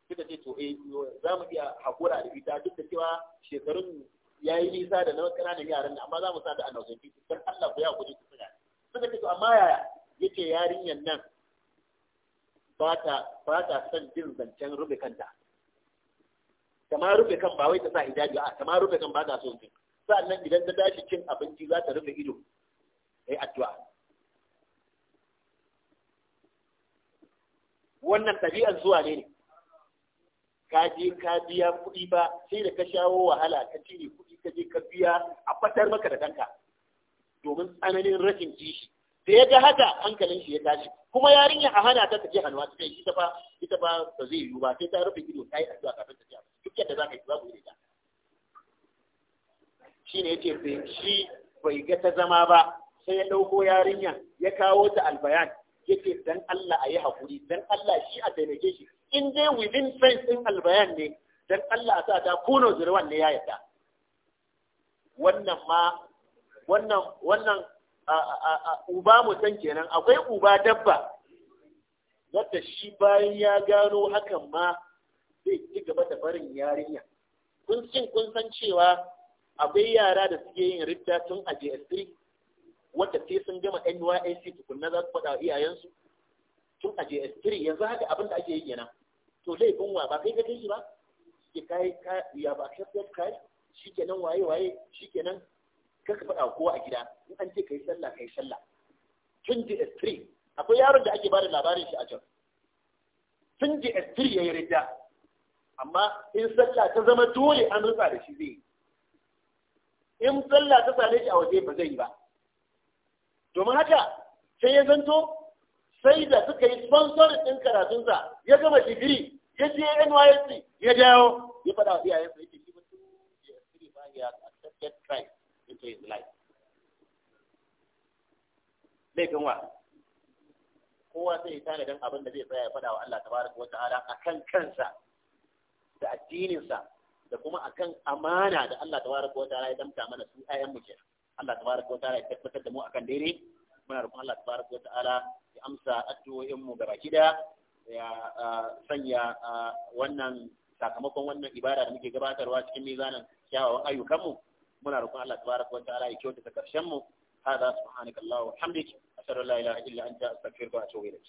suka ce to eh za mu iya hakura da ita duk da cewa shekarun ya yi nisa da na ƙananan yaran nan amma za mu sa da a nausaki don Allah ku ya guji ku suna suka ce to amma yaya yace yarinyar nan ba ta ba ta son jin zancen rufe kanta kamar rufe kan ba wai ta sa hijabi a kamar rufe kan ba ta so jin sa'annan idan ta tashi cin abinci za ta rufe ido ai addu'a wannan ɗabi'ar zuwa ne ne ka je ka biya kuɗi ba sai da ka shawo wahala ka cire kuɗi ka je ka biya a fatar maka da kanka domin tsananin rashin kishi da ya ga haka hankalin shi ya tashi kuma yarinya a hana ta tafi hannuwa ta ita fa ita fa ba zai yiwu ba sai ta rufe ido ta yi addu'a kafin ta tafi duk yadda za ka yi babu ita shi ne yake bai shi bai ga ta zama ba sai ya ɗauko yarinya ya kawo ta albayan yake dan Allah a yi hakuri dan Allah shi a taimake shi in dai within fence ɗin albayan ne dan Allah sa ta kuno zirwan ne ya yadda wannan ma wannan wannan uba san kenan akwai uba dabba wadda shi bayan ya gano hakan ma zai ci gaba da barin yarinya kun cin kun san cewa akwai yara da suke yin ridda tun a JS3 wadda sai sun gama NYSC tukunna za su faɗa iyayensu tun a JS3 yanzu haka abin da ake yi kenan to laifin wa ba kai ka kai shi ba ke kai ya ba ka sai kai shikenan waye waye shikenan ka ka faɗa kowa a gida in an ce kai sallah kai sallah 20s3 akwai yaron da ake bada labarin shi a can 20 s ya yi ridda amma in sallah ta zama dole an rutsa da shi zai yi in sallah ta sale shi a waje ba zai yi ba domin haka sai ya zanto sai da suka yi sponsor ɗin karatunsa ya gama digiri ya je NYSC ya dawo ya faɗa wa iyayensa yake shi mutum ya siri ba ya accepted Christ into his life. Laifin wa kowa sai ya tana don abin da zai tsaya ya faɗa wa Allah tabaraka wa ta'ala akan kansa da addininsa da kuma akan amana da Allah tabaraka wa ta'ala ya damta mana su ayan mu Allah tabaraka wa ta'ala ya tabbatar da mu akan daidai muna roƙon Allah tabaraka wa ta'ala ya amsa addu'o'in mu gaba ki daya Ya sanya wannan sakamakon wannan ibada da muke gabatarwa cikin mizanin kyawawan ayyukanmu muna roƙon Allah tabaraka wa ta'ala ya kyautata karshen mu hada subhanakallahumma wa hamdika ashhadu an la ilaha illa anta astaghfiruka wa atubu ilayk